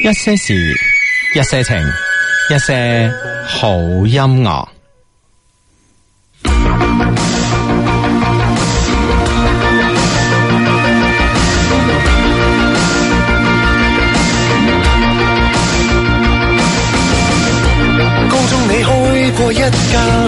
一些事，一些情，一些好音樂。高中你開過一家。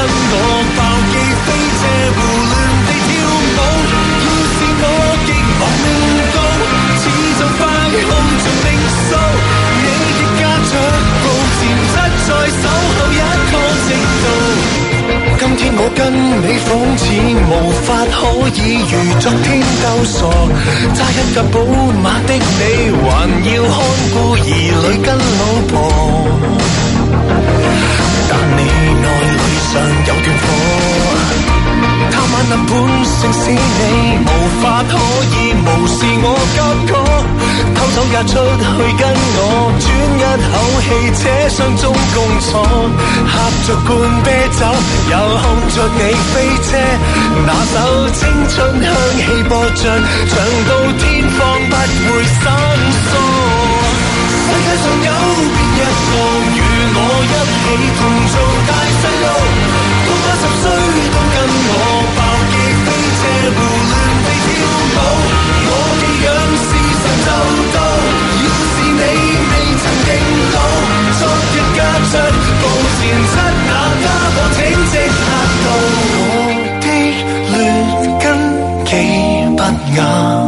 跟我爆機飛車，胡亂地跳舞。要是我極忙命到，似做花紅做零售，你亦夾着布，前質在守候一個程度。今天我跟你仿似無法可以如昨天鬥傻，揸一架寶馬的你，還要看顧兒女跟老婆。但你內裏尚有團火，貪玩那本性使你無法可以無視我感覺，偷走也出去跟我轉一口氣，車廂中共坐，喝着罐啤酒，又看着你飛車，那首青春香氣播着，唱到天荒不會生疏。世界上有變一個與我一起同做大細路，到八十歲都跟我爆極飛車，胡亂地跳舞。我技癢是神就到，要是你未曾認到，昨日夾着布前七那家伙，請即刻到我的劣根幾不雅。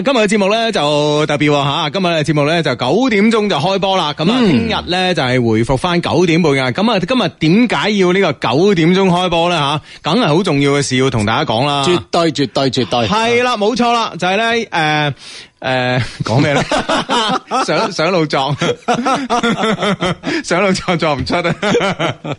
今日嘅節目咧就特別吓，今日嘅節目咧就九點鐘就開播啦。咁啊，聽日咧就係回復翻九點半㗎。咁啊，今日點解要呢個九點鐘開播咧？吓，梗係好重要嘅事要同大家講啦。絕對絕對絕對係啦，冇錯啦，就係咧誒。誒，講咩咧？上上路撞，上路撞撞唔出啊！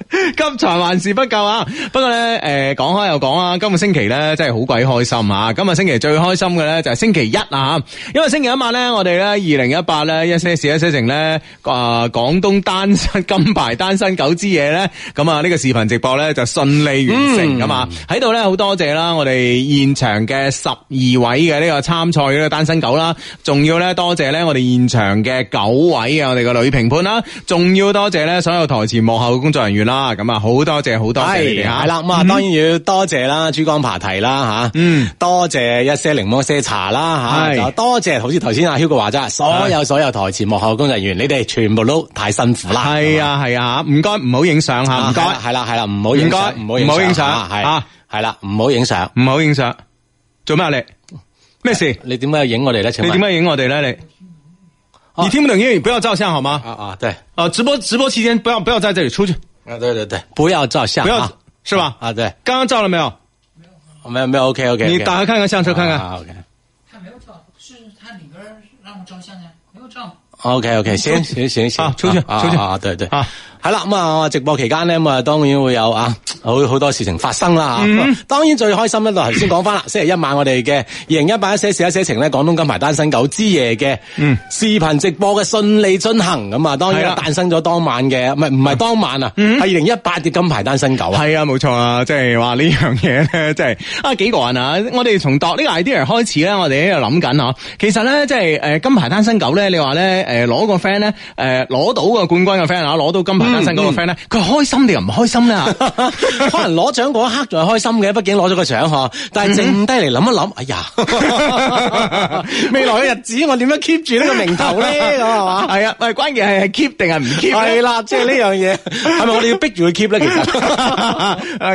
急才還是不夠啊！不過咧，誒，講開又講啊，今個星期咧真係好鬼開心啊！今日星期最開心嘅咧就係星期一啊！因為星期一晚咧，我哋咧二零一八咧一些事一些情咧啊廣東單身金牌單身狗之夜咧，咁啊呢個視頻直播咧就順利完成啊嘛！喺度咧好多謝啦，我哋現場嘅十二位嘅呢個參賽嘅單身狗啦。仲要咧多謝咧我哋現場嘅九位啊，我哋嘅女評判啦，仲要多謝咧所有台前幕後嘅工作人員啦，咁啊好多謝好多謝係啦，咁啊、嗯、當然要多謝啦，珠江扒堤啦吓，嗯，多謝一些檸檬一些茶啦吓，多謝好似頭先阿 Hugo 嘅話齋所有所有台前幕後嘅工作人員，你哋全部都太辛苦啦，係啊係啊唔該唔好影相吓，唔該係啦係啦，唔好影相，唔好影相係啊係啦，唔好影相，唔好影相，做咩你？咩事？你點解影我哋咧？你點解影我哋咧？你、啊，你聽不懂英語，不要照相好嗎？啊啊，對。啊，直播直播期間，不要不要在這裏出去。啊，對對對，不要照相，不要、啊，是吧？啊，對。剛剛照了沒有？沒有，沒有，沒有。OK OK。你打開看看相冊、啊，看看。OK。他沒有照，是他裏邊讓我照相嘅、啊，沒有照。啊、OK OK，行行行行、啊，出去、啊、出去，出去啊，啊，對對啊。係啦，咁啊，直播期間咧，咁啊，當然會有啊，好好多事情發生啦吓。嗯、當然最開心咧，就頭先講翻啦，星期一晚我哋嘅二零一八一些事一些情咧，廣東金牌單身狗之夜嘅嗯視頻直播嘅順利進行，咁、嗯、啊，當然啦誕生咗當晚嘅，唔係唔係當晚啊，係二零一八嘅金牌單身狗啊。係啊，冇錯啊，即係話呢樣嘢咧，即係、就是這個、啊，幾個人啊，我哋從度呢個 idea 開始咧，我哋喺度諗緊啊，其實咧，即係誒，金牌單身狗咧，你話咧，誒，攞個 friend 咧，誒，攞到個冠軍嘅 friend 啊，攞到金牌。嗯單身嗰個 friend 咧，佢、嗯、開心定又唔開心咧？ 可能攞獎嗰一刻仲係開心嘅，畢竟攞咗個獎嗬。但係剩低嚟諗一諗、嗯，哎呀， 未來嘅日子我點樣 keep 住呢個名頭咧？係嘛？係啊，喂， 是啊、關鍵係係 keep 定係唔 keep？係啦，即係呢樣嘢，係咪我哋要逼住佢 keep 咧？其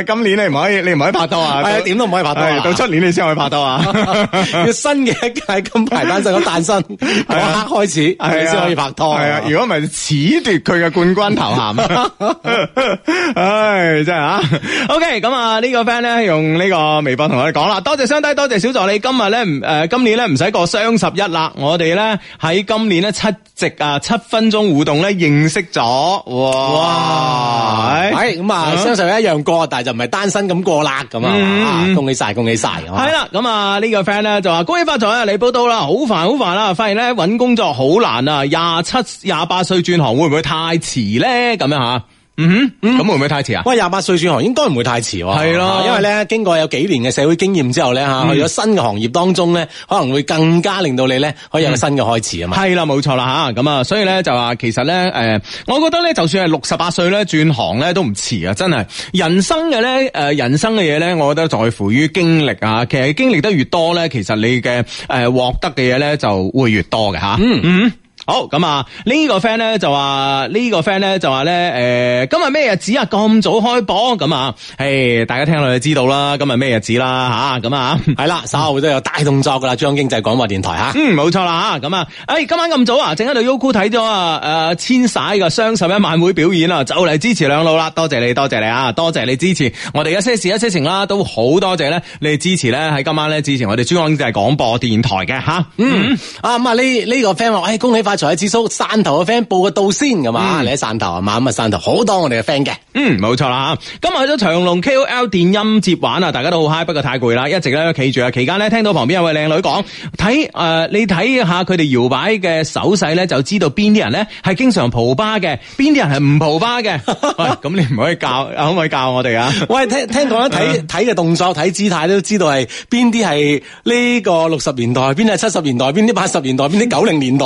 實 今年你唔可以，你唔可以拍拖啊！係 點、哎、都唔可以拍拖，到出年你先可以拍拖啊！哎、呀拖啊 要新嘅一屆金牌單身嗰誕生嗰刻開始， 啊、你先可以拍拖。係啊，如果唔係，褫奪佢嘅冠軍頭 唉、 哎，真係啊！OK，咁啊呢個 friend 咧用呢個微博同我哋講啦，多謝雙低，多謝小助理，今日咧唔誒，今年咧唔使過雙十一啦。我哋咧喺今年咧七夕啊七分鐘互動咧認識咗，哇！係咁啊，雙、哎哎、十一一樣過，嗯、但係就唔係單身咁過啦，咁、嗯、啊，恭喜晒，恭喜晒！係啦，咁啊呢個 friend 咧就話恭喜發財啊！你報到啦，好煩好煩啦，發現咧搵工作好難啊！廿七廿八歲轉行會唔會太遲咧？咁樣吓，嗯哼，咁、嗯、會唔會太遲啊？喂，廿八歲轉行應該唔會太遲喎，係咯，因為咧經過有幾年嘅社會經驗之後咧，吓、嗯、去咗新嘅行業當中咧，可能會更加令到你咧可以有新嘅開始啊嘛。係、嗯、啦，冇錯啦吓，咁啊，所以咧就話其實咧，誒，我覺得咧就算係六十八歲咧轉行咧都唔遲啊，真係。人生嘅咧，誒，人生嘅嘢咧，我覺得在乎於經歷啊。其實經歷得越多咧，其實你嘅誒獲得嘅嘢咧就會越多嘅吓。嗯嗯。.好咁啊！呢、這個 friend 咧就話呢、這個 friend 咧就話咧誒，今日咩日子啊？咁早開播咁啊？誒，大家聽落就知道啦。今日咩日子啦吓？咁啊係係啦，稍後都有大動作噶啦，珠江經濟廣播電台吓、啊。嗯，冇錯啦吓。咁啊，誒、哎，今晚咁早啊，正喺度優酷睇咗啊誒，千玺嘅雙十一晚會表演啊， 就嚟支持兩老啦，多謝你，多謝你啊，多謝你支持我哋一些事一些情啦，都好多謝咧你支持咧喺今晚咧支持我哋珠江經濟廣播電台嘅吓、啊。嗯，嗯啊咁啊呢呢個 friend 誒、哎，恭喜快！在喺紫叔，汕頭嘅 friend 報個道先，係嘛？你喺汕頭係嘛？咁啊，汕頭好多我哋嘅 friend 嘅。嗯，冇錯、嗯、啦。今日去咗長隆 KOL 電音節玩啊，大家都好嗨，不過太攰啦，一直咧企住啊。期間咧聽到旁邊有位靚女講：，睇誒、呃，你睇下佢哋搖擺嘅手勢咧，就知道邊啲人咧係經常蒲吧嘅，邊啲人係唔蒲吧嘅。咁 你唔可以教， 可唔可以教我哋啊？喂，聽聽到一睇睇嘅動作、睇姿態，都知道係邊啲係呢個六十年代，邊啲係七十年代，邊啲八十年代，邊啲九零年代。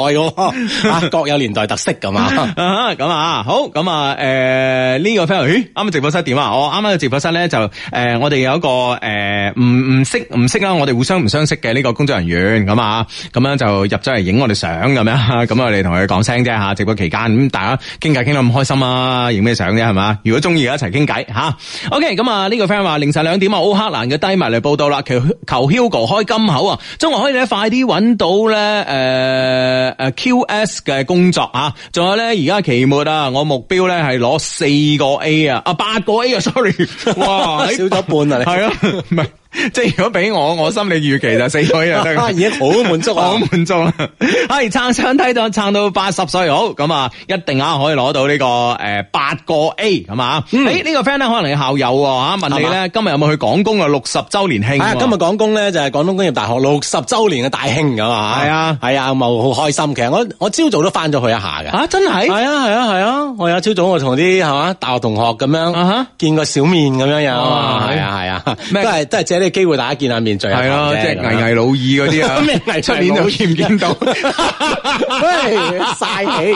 各有年代特色㗎嘛，咁 啊，啊，好咁啊，誒、呃，呢、這個 friend，啱啱直播室點啊？我啱啱嘅直播室咧就，誒、呃，我哋有一個誒，唔唔識唔識啦，我哋互相唔相識嘅呢個工作人員，咁啊，咁樣就入咗嚟影我哋相咁樣，咁、啊、我哋同佢講聲啫吓，直播期間，咁大家傾偈傾到咁開心啊，影咩相啫係嘛？如果中意一齊傾偈吓。OK，咁啊，呢、這個 friend 話凌晨兩點啊，奧克蘭嘅低迷嚟報道啦，求求 Hugo 開金口啊，希望可以咧快啲揾到咧，誒誒 Q。QA, S 嘅工作啊，仲有咧，而家期末啊，我目標咧係攞四個 A 啊，啊八個 A 啊，sorry，哇， 少咗半啊你。係係。啊，唔 即係如果俾我，我心理預期就死咗人啦。已經好滿足好、啊、滿 滿足、啊。 係撐上睇到撐到八十歲，好咁啊，一定啊可以攞到呢、這個誒八、欸、個 A，係嘛？誒、嗯、呢、欸這個 friend 咧，可能係校友吓、啊，問你咧今日有冇去廣工啊？六十周年慶？今日廣工咧就係、是、廣東工業大學六十周年嘅大慶，咁啊，係啊，係啊，咁啊好開心。其實我我朝早都翻咗去一下嘅。啊，真係係啊，係啊，係啊，啊。我有朝早我同啲係嘛大學同學咁樣，啊、見個小面咁樣有。係啊，係啊，啊都係都係借。啲機會大家見下面最係咯，即係、就是、危危老二嗰啲啊，咩危出面好似唔見到， 嘥氣。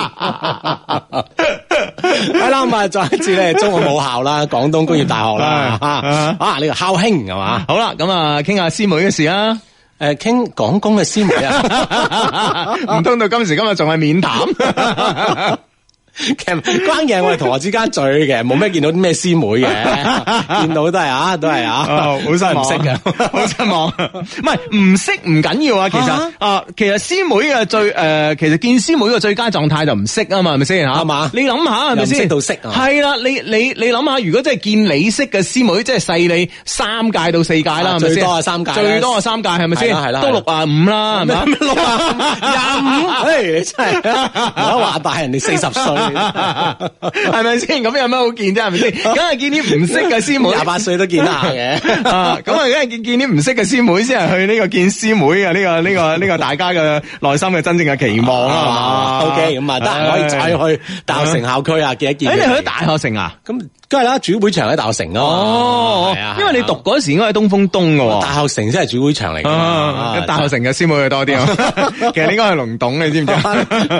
好啦咁啊，再一次咧，中國母校啦，廣東工業大學啦、哎哎哎，啊啊，呢個孝兄係嘛？好、嗯、啦，咁啊，傾下師妹嘅事啦！誒、啊，傾廣工嘅師妹啊，唔 通到今時今日仲係免談？ 其實關鍵係我哋同學之間聚嘅，冇咩見到啲咩師妹嘅， 見到都係啊，都係啊，好、嗯哦、失望，唔識嘅，好失望。唔係唔識唔緊要啊，其實啊，啊，其實師妹嘅最誒、呃，其實見師妹嘅最佳狀態就唔識啊嘛，係咪先吓？係嘛？你諗下係咪先？到識啊？係啦、啊，你你你諗下，如果真係見你識嘅師妹，即係細你三屆到四屆啦，係咪先？最多啊三屆，最多，三屆最多三屆係係啊三屆，係咪先？係啦、啊，都六啊五啦，係咪、啊？六啊五，廿五、啊啊，你真係唔好話大人哋四十歲。 係咪先？咁有咩好見啫？係咪先？梗係見啲唔識嘅師妹，廿八歲都見得下嘅。啊，咁啊，梗係見見啲唔識嘅師妹先係去呢個見師妹啊！呢個呢個呢個大家嘅內心嘅真正嘅期望啊嘛。OK，咁啊，得閒可以再去大學城校區啊，uh, 見一見。誒，你去咗大學城啊？咁。即係啦，主會場喺大學城咯、啊。哦，係啊，啊，因為你讀嗰時應該喺東風東噶。哦，大學城先係主會場嚟，啊啊就係。大學城嘅師妹比較多啲 其實應該係龍洞，你知唔知啊？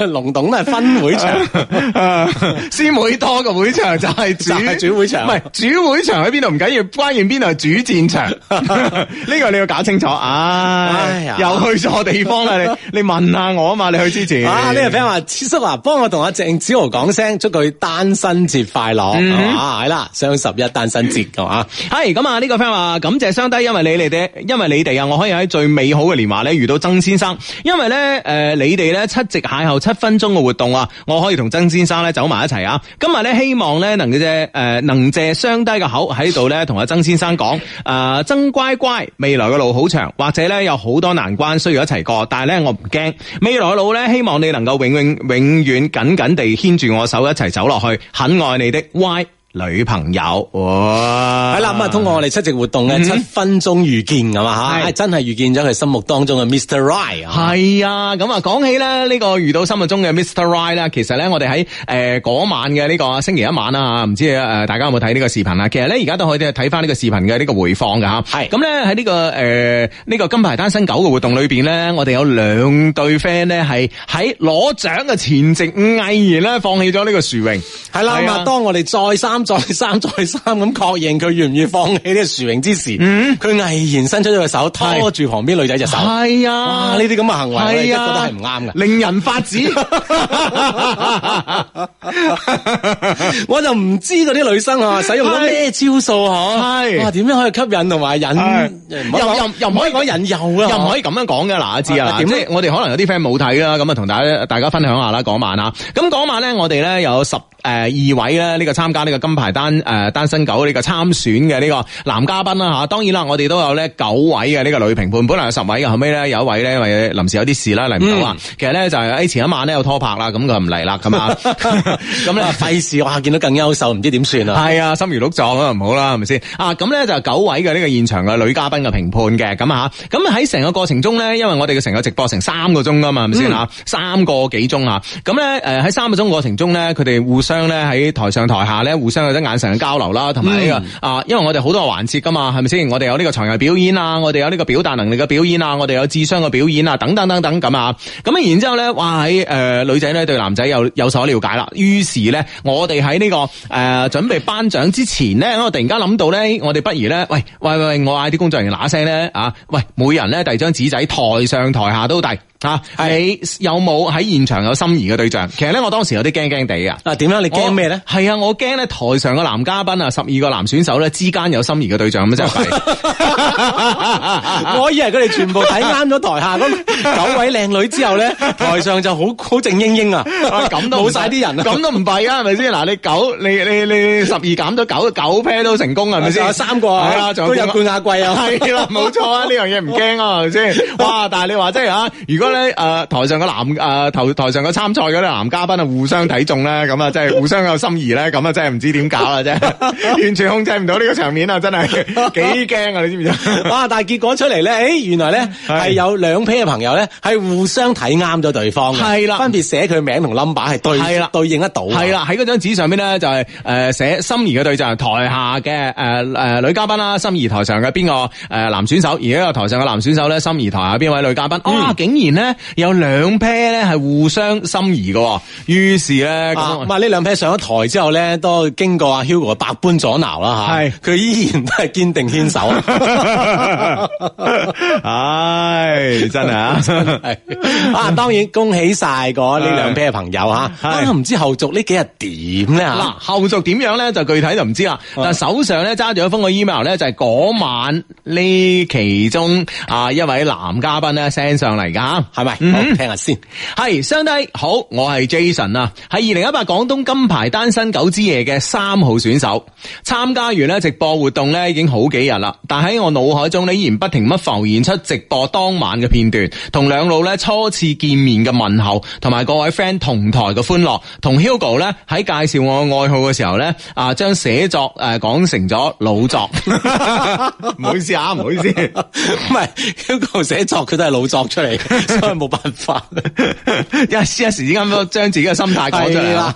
龍 洞都係分會場，啊啊， 師妹多嘅會場就係主係 主會場。唔係主會場喺邊度唔緊要，關鍵邊度係主戰場。呢 個你要搞清楚啊，哎哎！又去錯地方啦，你你問下我啊嘛，你去之前啊，呢位朋友話，師叔啊，幫我同阿鄭子豪講聲，祝佢單身節快樂。係啦，雙十一單身節噶嘛？係咁啊！呢個 friend 話感謝雙低，因為你哋，因為你哋啊，我可以喺最美好嘅年華咧遇到曾先生。因為咧，誒、呃，你哋咧七夕邂逅七分鐘嘅活動啊，我可以同曾先生咧走埋一齊啊。今日咧，希望咧能夠借誒，能借雙低嘅口喺度咧同阿曾先生講誒，曾、呃、乖乖，未來嘅路好長，或者咧有好多難關需要一齊過，但係咧我唔驚未來嘅路咧，希望你能夠永遠永遠緊緊地牽住我手一齊走落去，很愛你的 Y。Why? 女朋友哇！係啦咁啊！通過我哋七夕活動咧、嗯，七分鐘遇見咁嘛，吓，真係遇見咗佢心目當中嘅 Mr. Right。係啊，咁啊講起咧呢個遇到心目中嘅 Mr. Right 啦，其實咧我哋喺誒嗰晚嘅呢個星期一晚啦吓，唔知誒大家有冇睇呢個視頻啊？其實咧而家都可以睇翻呢個視頻嘅呢個回放嘅吓。係咁咧喺呢個誒呢、呃個金牌單身狗嘅活動裏邊咧，我哋有兩對 friend 咧係喺攞獎嘅前夕毅然咧放棄咗呢個殊榮。係啦咁啊，當我哋再三。再三再三咁確認佢願唔願放棄呢個殊榮之時，佢、嗯、毅然伸出咗隻手拖住旁邊女仔隻手。係啊，呢啲咁嘅行為，係啊、我覺得係唔啱嘅，令人發指。 我就唔知嗰啲女生啊，使用咗咩招數嗬？係啊，點樣、啊、可以吸引同埋引又又又唔可以講引誘啊？又唔可以咁樣講嘅。嗱，我、啊、知啦。點咧？知知我哋可能有啲 friend 冇睇啦。咁啊，同大家大家分享一下啦。嗰晚啊，咁嗰晚咧，我哋咧有十。誒，二位咧呢個參加呢個金牌單誒單身狗呢個參選嘅呢個男嘉賓啦吓，當然啦，我哋都有咧九位嘅呢個女評判，本來有十位嘅，後尾呢，有一位呢，因為臨時有啲事啦，嚟唔到啊。嗯、其實呢、就係，就係喺前一晚呢，有拖拍啦，咁佢唔嚟啦，咁啊，咁啊費事哇，見到更優秀，唔知點算啊？係啊，心如鹿撞啊，唔好啦，係咪先？啊，咁咧就九位嘅呢個現場嘅女嘉賓嘅評判嘅，咁啊吓，咁喺成個過程中呢，因為我哋嘅成個直播成三個鐘噶嘛，係咪先啊？嗯、三個幾鐘啊？咁咧誒喺三個鐘過程中呢，佢哋互相。咧喺台上台下咧互相有啲眼神嘅交流啦，同埋呢個、嗯、啊，因為我哋好多環節噶嘛，係咪先？我哋有呢個才藝表演啊，我哋有呢個表達能力嘅表演啊，我哋有智商嘅表演啊，等等等等咁啊。咁啊，然之後咧，話喺誒女仔咧對男仔有有所了解啦。於是咧，我哋喺呢個誒、呃、準備頒獎之前咧，我突然間諗到咧，我哋不如咧，喂喂喂，我嗌啲工作人員嗱一聲咧啊，喂，每人咧遞張紙仔，台上台下都遞。吓、啊，你有冇喺現場有心儀嘅對象？其實咧，我當時有啲驚驚地啊！啊，點樣你驚咩咧？係啊，我驚咧台上嘅男嘉賓啊，十二個男選手咧之間有心儀嘅對象咁就弊。我以為佢哋全部睇啱咗台下嗰九位靚女之後咧、啊，台上就好好靜英英啊！咁都冇曬啲人，咁都唔弊啊？係咪先？嗱、啊啊啊啊啊啊，你九，你你你十二減咗九， 九 pair 都成功啊？係咪先？三個啊，啊，仲有冠亞季啊，係啦，冇錯啊，呢樣嘢唔驚啊，係咪先？哇！但係你話即係啊，如果咧誒，台上嘅男誒頭台上嘅參賽嗰啲男嘉賓啊，互相睇中咧，咁啊，即係互相有心儀咧，咁啊，真係唔知點搞啦啫，完全控制唔到呢個場面啊，真係幾驚啊，你知唔知啊？但係結果出嚟咧，誒，原來咧係有兩批嘅朋友咧，係互相睇啱咗對方，係啦，分別寫佢名同 number 係對係啦，對應得到，係啦，喺嗰張紙上邊咧就係誒寫心儀嘅對象，台下嘅誒誒女嘉賓啦，心儀台上嘅邊個誒男選手，而家個台上嘅男選手咧，心儀台下邊位女嘉賓，啊，竟然咧～咧有兩 pair 咧係互相心儀嘅，於是咧，咁啊呢兩 pair 上咗台之後咧，都經過阿、啊、Hugo 百般阻撓啦吓，佢、啊、依然都係堅定牽手、 哎、啊！唉，真係啊，真係啊，當然恭喜晒嗰呢兩 pair 嘅朋友吓、啊啊，不過唔知道後續幾呢幾日點咧？嗱、 啊，後續點樣咧？就具體就唔知啦。但是手上咧揸住一封個 email 咧，就係、是、嗰晚呢其中啊一位男嘉賓咧 send 上嚟噶。係咪？好、mm -hmm. 聽下先。係兄弟，好，我係 Jason 啊，係二零一八廣東金牌單身狗之夜嘅三號選手。參加完咧直播活動咧，已經好幾日啦。但喺我腦海中咧，依然不停乜浮現出直播當晚嘅片段，同兩老咧初次見面嘅問候，同埋各位 friend 同台嘅歡樂，同 Hugo 咧喺介紹我愛好嘅時候咧，啊，將寫作誒講成咗老作。唔好意思啊，唔好意思，唔、啊、係 唔係 Hugo 寫作，佢都係老作出嚟。 真係冇辦法，一 一時之間，都將自己嘅心態改咗啦。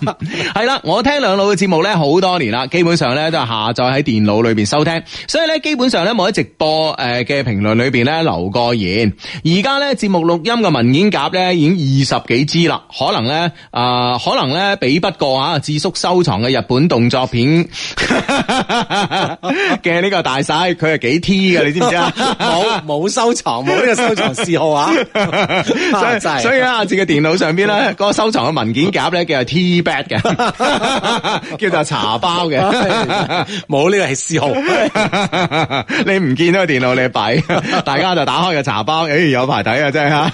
係啦，我聽兩老嘅節目咧好多年啦，基本上咧都係下載喺電腦裏邊收聽，所以咧基本上咧冇喺直播誒嘅評論裏邊咧留過言。而家咧節目錄音嘅文件夾咧已經二十幾支啦，可能咧啊、呃，可能咧比不過啊志叔收藏嘅日本動作片嘅 呢個大晒，佢係幾 T 嘅，你知唔知啊？冇 冇收藏，冇呢個收藏嗜好啊！ 所以、啊、的所以阿阿杰嘅電腦上邊咧， 那個收藏嘅文件夾咧叫做 T bag 嘅， 叫做茶包嘅，冇呢個係嗜好。你唔見到個電腦你擺，大家就打開個茶包，哎，有排睇啊，真係吓，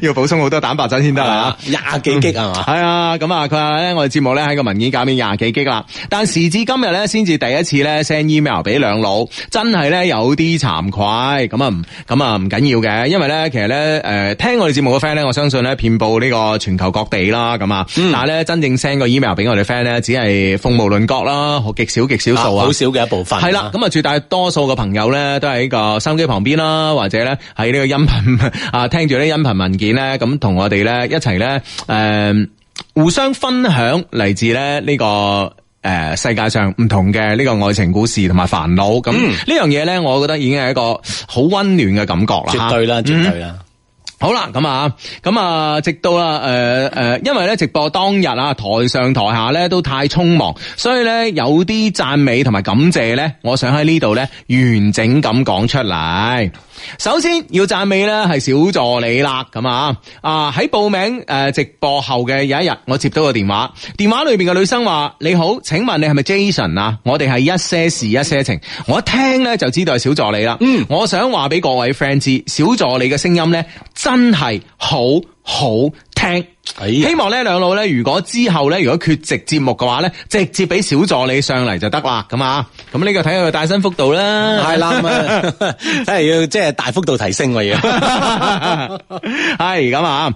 要補充好多蛋白質先得啦，廿幾激係嘛？係啊，咁、嗯、啊，佢話咧，我哋節目咧喺個文件夾面廿幾激啦，但時至今日咧，先至第一次咧 send email 俾兩老，真係咧有啲慚愧。咁啊，咁啊唔緊要嘅，因為咧，其實咧，誒、呃。誒，聽我哋節目嘅 friend 咧，我相信咧，遍佈呢個全球各地啦，咁、嗯、啊，但係咧真正 send 個 email 俾我哋 friend 咧，只係鳳毛麟角啦，極少極少數啊，好少嘅一部分。係啦，咁啊，絕大多數嘅朋友咧，都喺呢個收音機旁邊啦，或者咧喺呢個音頻啊，聽住呢啲音頻文件咧，咁同我哋咧一齊咧，誒、呃，互相分享嚟自咧、這、呢個誒、呃、世界上唔同嘅呢個愛情故事同埋煩惱。咁、嗯、呢樣嘢咧，我覺得已經係一個好溫暖嘅感覺啦，絕對啦，絕對啦。嗯好啦，咁啊，咁啊，直到啦，誒、呃、誒、呃，因為咧直播當日啊，台上台下咧都太匆忙，所以咧有啲讚美同埋感謝咧，我想喺呢度咧完整咁講出嚟。首先要讚美咧係小助理啦，咁啊，啊喺報名誒直播後嘅有一日，我接到個電話，電話裏邊嘅女生話：你好，請問你係咪 Jason 啊？我哋係一些事一些情，我一聽咧就知道係小助理啦。嗯，我想話俾各位 friend 知，小助理嘅聲音咧真係好好聽。哎、希望呢兩老咧，如果之後咧，如果缺席節目嘅話咧，直接俾小助理上嚟就得啦。咁啊，咁呢個睇下佢帶薪幅度啦。係啦，真係要即係大幅度提升嘅要係咁啊，咁啊，啊，啊，啊，啊，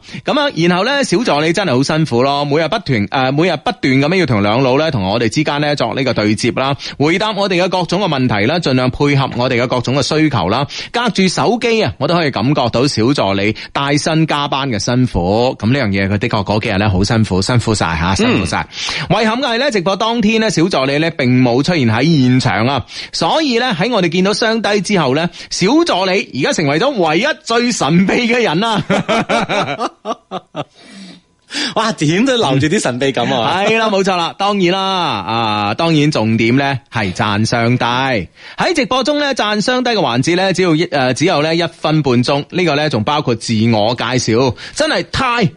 然後咧小助理真係好辛苦咯。每日不、呃、不斷誒，每日不斷咁樣要同兩老咧，同我哋之間咧作呢個對接啦，回答我哋嘅各種嘅問題啦，盡量配合我哋嘅各種嘅需求啦。隔住手機啊，我都可以感覺到小助理帶薪加班嘅辛苦。咁呢樣嘢佢哋。個嗰幾日咧好辛苦，辛苦晒吓，辛苦晒。遺、嗯、憾嘅係咧，直播當天咧，小助理咧並冇出現喺現場啊，所以咧喺我哋見到雙低之後咧，小助理而家成為咗唯一最神秘嘅人啦。 哇，點都留住啲神秘感啊！係、嗯、啦，冇錯啦，當然啦，啊，當然重點咧係讚雙低喺直播中咧讚雙低嘅環節咧，只要一誒、呃，只有咧一分半鐘，呢、這個咧仲包括自我介紹，真係太～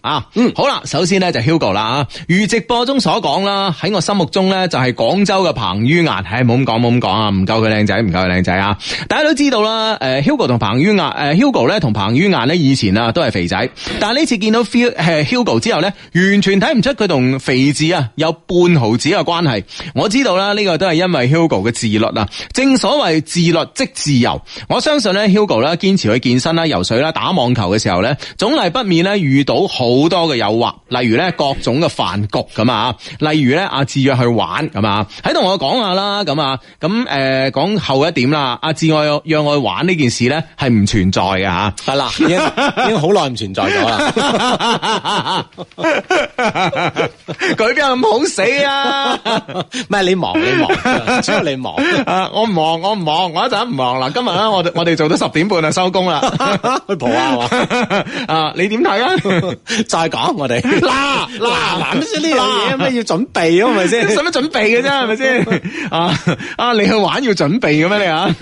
啊，嗯，好啦，首先咧就 Hugo 啦，啊，如直播中所講啦，喺我心目中咧就係廣州嘅彭于晏，係冇咁講冇咁講啊，唔夠佢靚仔，唔夠佢靚仔啊！大家都知道啦，誒、呃、，Hugo 同彭于晏，誒、呃、，Hugo 咧同彭于晏咧以前啊都係肥仔，但係呢次見到 Hugo 之後咧，完全睇唔出佢同肥子啊有半毫子嘅關係。我知道啦，呢個都係因為 Hugo 嘅自律啊，正所謂自律即自由。我相信咧 Hugo 咧堅持去健身啦、游水啦、打網球嘅時候咧，總係不免咧遇到好好多嘅誘惑，例如咧各種嘅飯局咁啊，例如咧阿志約去玩咁啊，喺度我講下啦，咁啊，咁誒講後一點啦，阿志愛讓我去玩呢件事咧係唔存在嘅吓，係啦，已經好耐唔存在咗啦，佢 邊 有咁好死啊？咩？ 你忙你忙，主要你忙啊， 我唔忙我唔忙，我一陣唔忙啦，今日咧我我哋做到十點半就收工啦，下 去蒲啊壞，啊 你點睇啊？再講我哋嗱嗱諗住呢樣嘢咩要準備咯，係咪先？使乜準備嘅啫，係咪先？啊啊，你去玩要準備嘅咩你啊？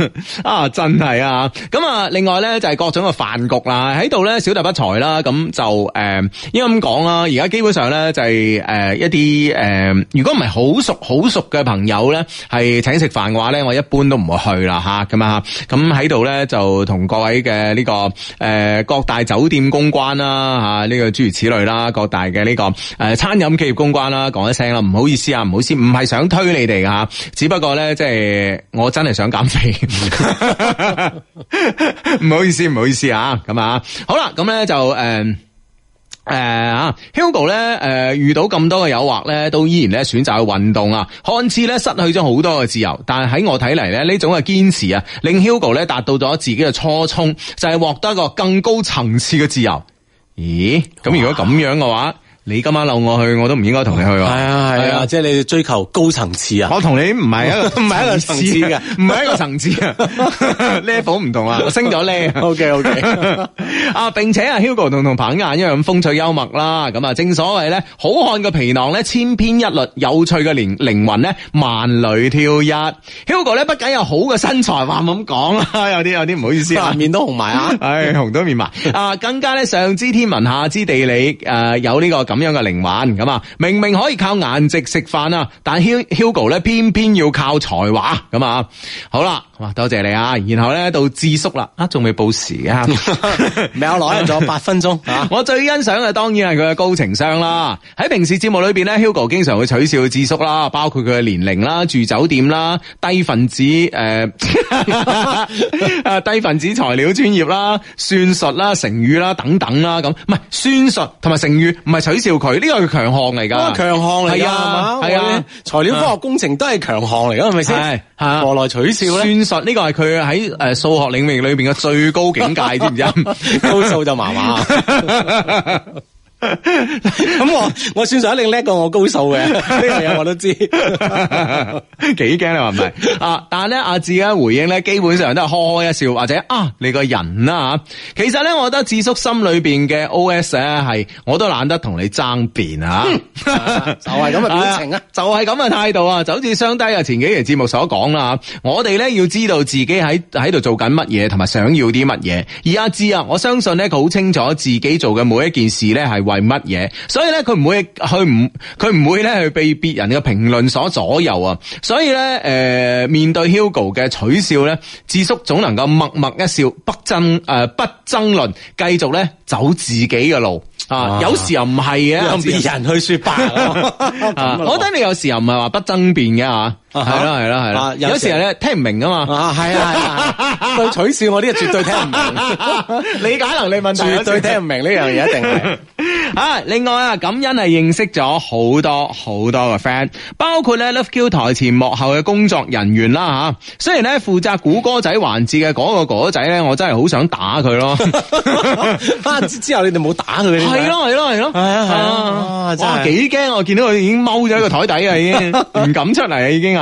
啊，真係啊！咁啊，另外咧就係各種嘅飯局啦，喺度咧小大不才啦，咁就誒應該咁講啦。而家基本上咧就係誒一啲誒，如果唔係好熟好熟嘅朋友咧，係請食飯嘅話咧，我一般都唔會去啦，吓，咁啊吓。咁喺度咧就同各位嘅呢個誒各大酒店公關啦吓呢個專。如此類啦，各大嘅呢、這個誒、呃、餐飲企業公關啦，講一聲啦，唔好意思啊，唔好意思，唔係想推你哋噶吓，只不過咧即係我真係想減肥，唔 好意思，唔好意思啊，咁啊，好啦，咁咧就誒誒、呃呃、啊，Hugo 咧誒、呃、遇到咁多嘅誘惑咧，都依然咧選擇去運動啊，看似咧失去咗好多嘅自由，但係喺我睇嚟咧呢這種嘅堅持啊，令 Hugo 咧達到咗自己嘅初衷，就係、是、獲得一個更高層次嘅自由。咦，咁如果咁樣嘅話，你今晚漏我去，我都唔應該同你去喎。係啊係啊，即係、啊啊就是、你追求高層次啊！我同你唔係一個唔係一個層次嘅，唔係一個層次啊。level 唔同啊， 我升咗 l OK OK。 啊，並且啊 Hugo 同同彭于晏一樣咁風趣幽默啦。咁啊，正所謂咧，好漢嘅皮囊咧千篇一律，有趣嘅靈靈魂咧萬裏挑一。Hugo 咧不僅有好嘅身材，話唔咁講啦，有啲有啲唔好意思、啊啊，面都紅埋啊，唉、哎，紅都面埋啊， 啊，更加咧上知天文下知地理，誒、啊、有呢個感咁樣嘅靈玩，咁啊，明明可以靠顏值食飯啊，但 Hugo 咧偏偏要靠才華咁啊！好啦，多謝你啊！然後咧到智叔啦，啊，仲未報時啊，未有耐，仲有八分鐘啊！我最欣賞嘅當然係佢嘅高情商啦。喺平時節目裏邊咧，Hugo 經常會取笑智叔啦，包括佢嘅年齡啦、住酒店啦、低分子誒誒、呃、 低分子材料專業啦、算術啦、成語啦等等啦，咁唔係算術同埋成語唔係取。佢呢個係強項嚟噶，強項嚟噶係啊，係啊，係啊，係啊，材料科學工程都係強項嚟噶，係咪先？何來取笑咧？算術呢、這個係佢喺誒數學領域裏邊嘅最高境界， 知唔知？高數就麻麻。 咁 我我算上一定叻過我高數嘅，呢個嘢我都知，幾 驚你話唔係 啊？但係咧阿志嘅回應咧，基本上都係呵呵一笑，或者啊你個人啦、啊、其實咧，我覺得智叔心裏邊嘅 O S 咧係，我都懶得同你爭辯啊， 啊。就係咁嘅表情啊，啊就係咁嘅態度啊，就好似雙低啊前幾期節目所講啦、啊。我哋咧要知道自己喺喺度做緊乜嘢，同埋想要啲乜嘢。而阿、啊、志啊，我相信咧佢好清楚自己做嘅每一件事咧係係乜嘢？所以咧，佢唔會去唔佢唔會咧去被別人嘅評論所左右啊！所以咧，誒、呃，面對 Hugo 嘅取笑咧，智叔總能夠默默一笑，不爭誒、呃，不爭論，繼續咧走自己嘅路。啊，啊，有時候唔係嘅，人去說白我，啊，啊，我覺得你有時候唔係話不爭辯嘅吓，係咯係咯係咯，有時咧、啊、聽唔明啊嘛，係啊係啊，啊佢取笑、啊、我呢個絕對聽唔明，理解能力問題絕，絕對聽 唔明呢樣嘢一定係。啊，另外啊，感恩係認識咗好多好多個 friend，包括咧 Love Q 台前幕後嘅工作人員啦吓、啊，雖然咧負責估歌仔環節嘅嗰個歌仔咧，我真係好想打佢咯，之後你哋冇打佢。係咯係咯係咯，係啊係啊，幾驚、哦！我見到佢已經踎咗喺個台底啊，已經唔敢出嚟啊，已經吓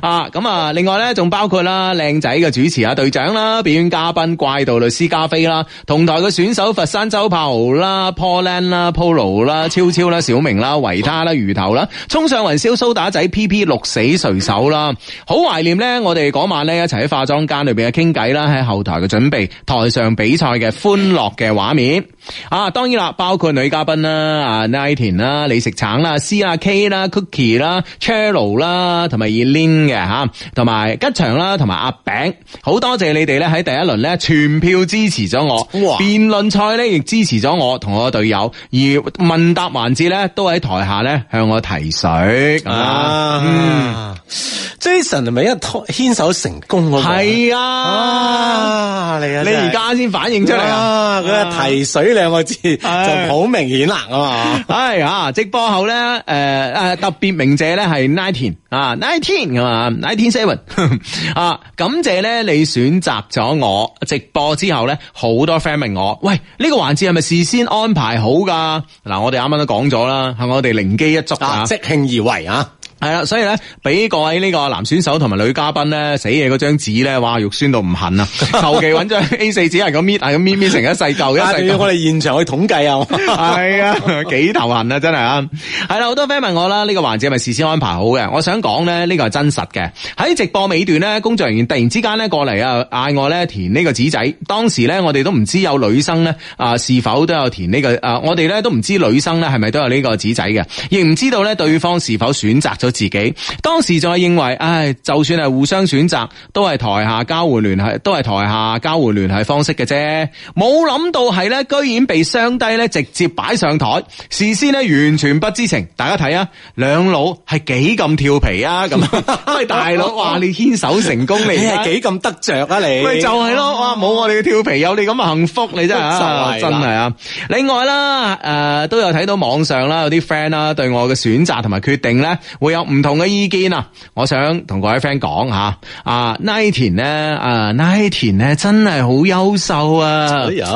啊！咁啊，啊，另外咧仲包括啦，靚仔嘅主持啊，隊長啦，表演嘉賓怪盜律師加菲啦，同台嘅選手佛山周柏豪啦，Poland 啦，Polo 啦，超超啦，小明啦，維他啦，魚頭啦，衝上雲霄蘇打仔，P P 六死誰手啦，好、啊、懷念咧！我哋嗰晚咧一齊喺化妝間裏邊嘅傾偈啦，喺後台嘅準備，台上比賽嘅歡樂嘅畫面啊！當然啦。包括女嘉賓啦，Nathan 啦，Nightin, 李食橙啦，C 阿 K 啦，Cookie 啦，Cheryl 啦，同埋 Elin 嘅吓，同埋吉祥啦，同埋阿餅，好多謝你哋咧喺第一輪咧全票支持咗我，辯論賽咧亦支持咗我同我隊友，而問答環節咧都喺台下咧向我提水啊。嗯 Jason 係咪一拖牽手成功嗰個？係啊，啊，你你而家先反應出嚟啊！佢提水兩個字就好明顯啦嘛。係啊，直播後咧，誒、呃、誒特別鳴謝咧係 Nineteen 啊，Nineteen 啊，Nineteen Seven 啊，感謝咧你選擇咗我。直播之後咧，好多 friend 問我，喂，呢、呢個環節係咪事先安排好噶？嗱、啊，我哋啱啱都講咗啦，係我哋靈機一觸啊，即興而為啊！.係啦，所以咧，俾各位呢個男選手同埋女嘉賓咧，死嘢嗰張紙咧，哇，肉酸到唔痕啊！求其揾張 A 四紙嚟咁搣，啊咁搣搣成一細嚿嘅。一陣要我哋現場去統計啊，係啊，幾頭痕啊，真係啊！係啦，好多 friend 問我啦，呢個環節係咪事先安排好嘅？我想講咧，呢個係真實嘅。喺直播尾段咧，工作人員突然之間咧過嚟啊，嗌我咧填呢個紙仔。當時咧，我哋都唔知有女生咧啊，是否都有填呢個啊？我哋咧都唔知女生咧係咪都有呢個紙仔嘅，亦唔知道咧對方是否選擇咗。自己當時就係認為，唉，就算係互相選擇，都係台下交換聯繫都係台下交換聯繫方式嘅啫。冇諗到係咧，居然被雙低咧直接擺上台，事先咧完全不知情。大家睇啊，兩老係幾咁調皮啊咁喂 大佬，哇！你牽手成功 你係幾咁得著啊你？ 咪就係咯，哇！冇我哋嘅調皮，有你咁嘅幸福你真係啊，真係啊。另外啦，誒、呃、都有睇到網上啦，有啲 friend 啦對我嘅選擇同埋決定咧會有。唔同嘅意見啊！我想同各位 friend 講吓，啊，奈田咧，啊，奈田咧，真係好優秀啊！哎、呀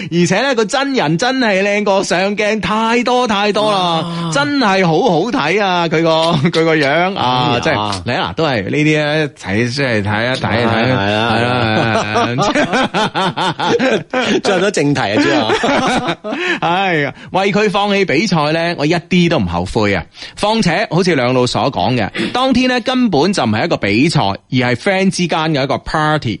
而且咧，個真人真係靚過上鏡太多太多啦，啊，真係好好睇啊！佢個佢個樣子，哎、啊，即係你嗱都係呢啲咧，睇即係睇一睇睇。係啊，轉都，哎哎、 都正題啊，最後，係啊，為佢放棄比賽咧，我一啲都唔後悔啊！況且，好似兩老所講嘅，當天咧根本就唔係一個比賽，而係 friend 之間嘅一個 party。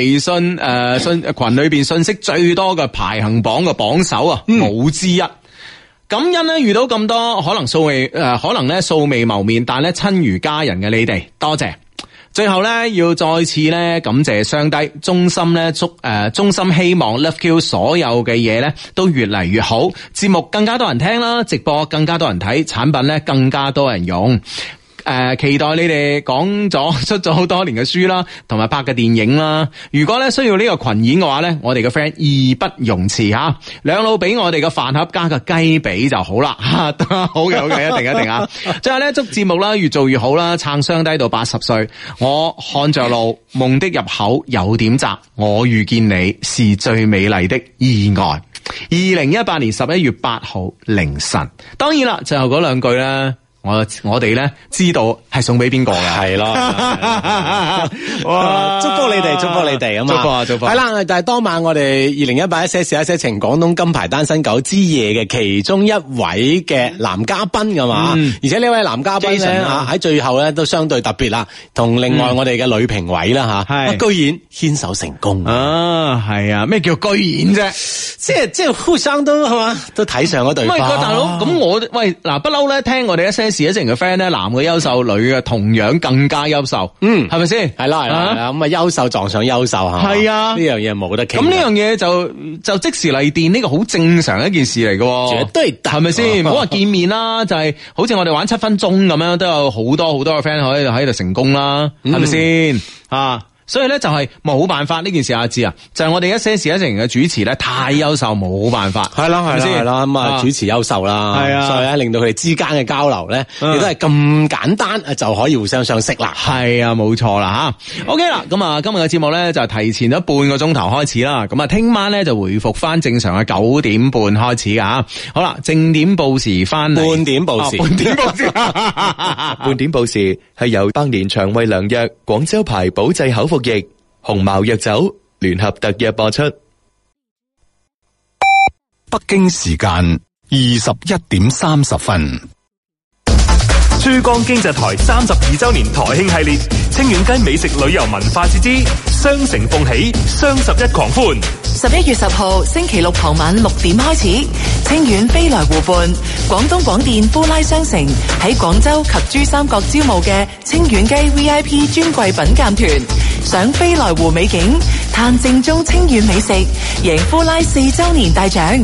微信誒信、呃、群裏邊信息最多嘅排行榜嘅榜首啊，冇、嗯、之一。感恩咧遇到咁多可能素未誒、呃、可能咧素未謀面，但係親如家人嘅你哋，多謝。最後呢，要再次咧感謝上帝，衷心咧祝誒衷、呃、心希望 Love Q 所有嘅嘢咧都越嚟越好，節目更加多人聽啦，直播更加多人睇，產品咧更加多人用。誒，期待你哋講咗出咗好多年嘅書啦，同埋拍嘅電影啦。如果咧需要呢個群演嘅話咧，我哋嘅 friend 義不容辭吓，兩老俾我哋嘅飯盒加個雞髀就好啦。好嘅，好嘅，一定一定啊！ 最後咧，祝節目啦越做越好啦，撐雙低到八十歲。我看着路，夢的入口有點窄。我遇見你是最美麗的意外。二零一八年十一月八號凌晨，當然啦，最後嗰兩句咧。我我哋咧知道係送俾邊個嘅，係咯，祝福你哋，祝福你哋啊嘛，祝福啊祝福啊。係啦，但係當晚我哋二零一八一些事一些情廣東金牌單身狗之夜嘅其中一位嘅男嘉賓嘅嘛、嗯，而且呢位男嘉賓吓，喺最後咧都相對特別啦，同另外我哋嘅女評委啦吓、嗯啊，居然牽手成功啊！係啊，咩叫居然啫？ 即係即係，富 生都係嘛，都睇上嗰對。唔大佬，咁我喂嗱，不嬲咧聽我哋一些。事一成嘅 friend 咧，男嘅優秀，女嘅同樣更加優秀，嗯，係咪先？係啦，係啦，咁啊，優秀撞上優秀，係係啊，呢樣嘢冇得傾。咁呢樣嘢就就即時嚟電，呢個好正常一件事嚟嘅，絕對，係咪先？唔好話見面啦，就係好似我哋玩七分鐘咁樣，都有好多好多嘅 friend 喺度喺度成功啦，係咪先啊？所以咧就係冇辦法呢件事啊，志啊，就係、是、我哋一些事一些情嘅主持咧太優秀，冇辦法。係 啦，係啦，係啦。咁啊，嗯、主持優秀啦，係啊，所以啊，令到佢哋之間嘅交流咧、啊，亦都係咁簡單就可以互相相識啦。係啊，冇錯啦 OK 啦，咁啊，okay, 今日嘅節目咧就提前咗半個鐘頭開始啦。咁啊，聽晚咧就回復翻正常嘅九點半開始㗎。好啦，正點報時翻嚟，半點報時，啊、半點報時， 半點報時係 由百年腸胃良藥廣州牌保濟口服。億鴻茅藥酒聯合特約播出，北京時間二十一點三十分。珠江經濟台三十二周年台慶系列，清遠雞美食旅遊文化節之，雙城奉喜，雙十一狂歡！十一月十號星期六傍晚六點開始，清遠飛來湖畔，廣東廣電呼拉商城喺廣州及珠三角招募嘅清遠雞 V I P 專櫃品鑒團，賞飛來湖美景，嘆正宗清遠美食，贏呼拉四周年大獎。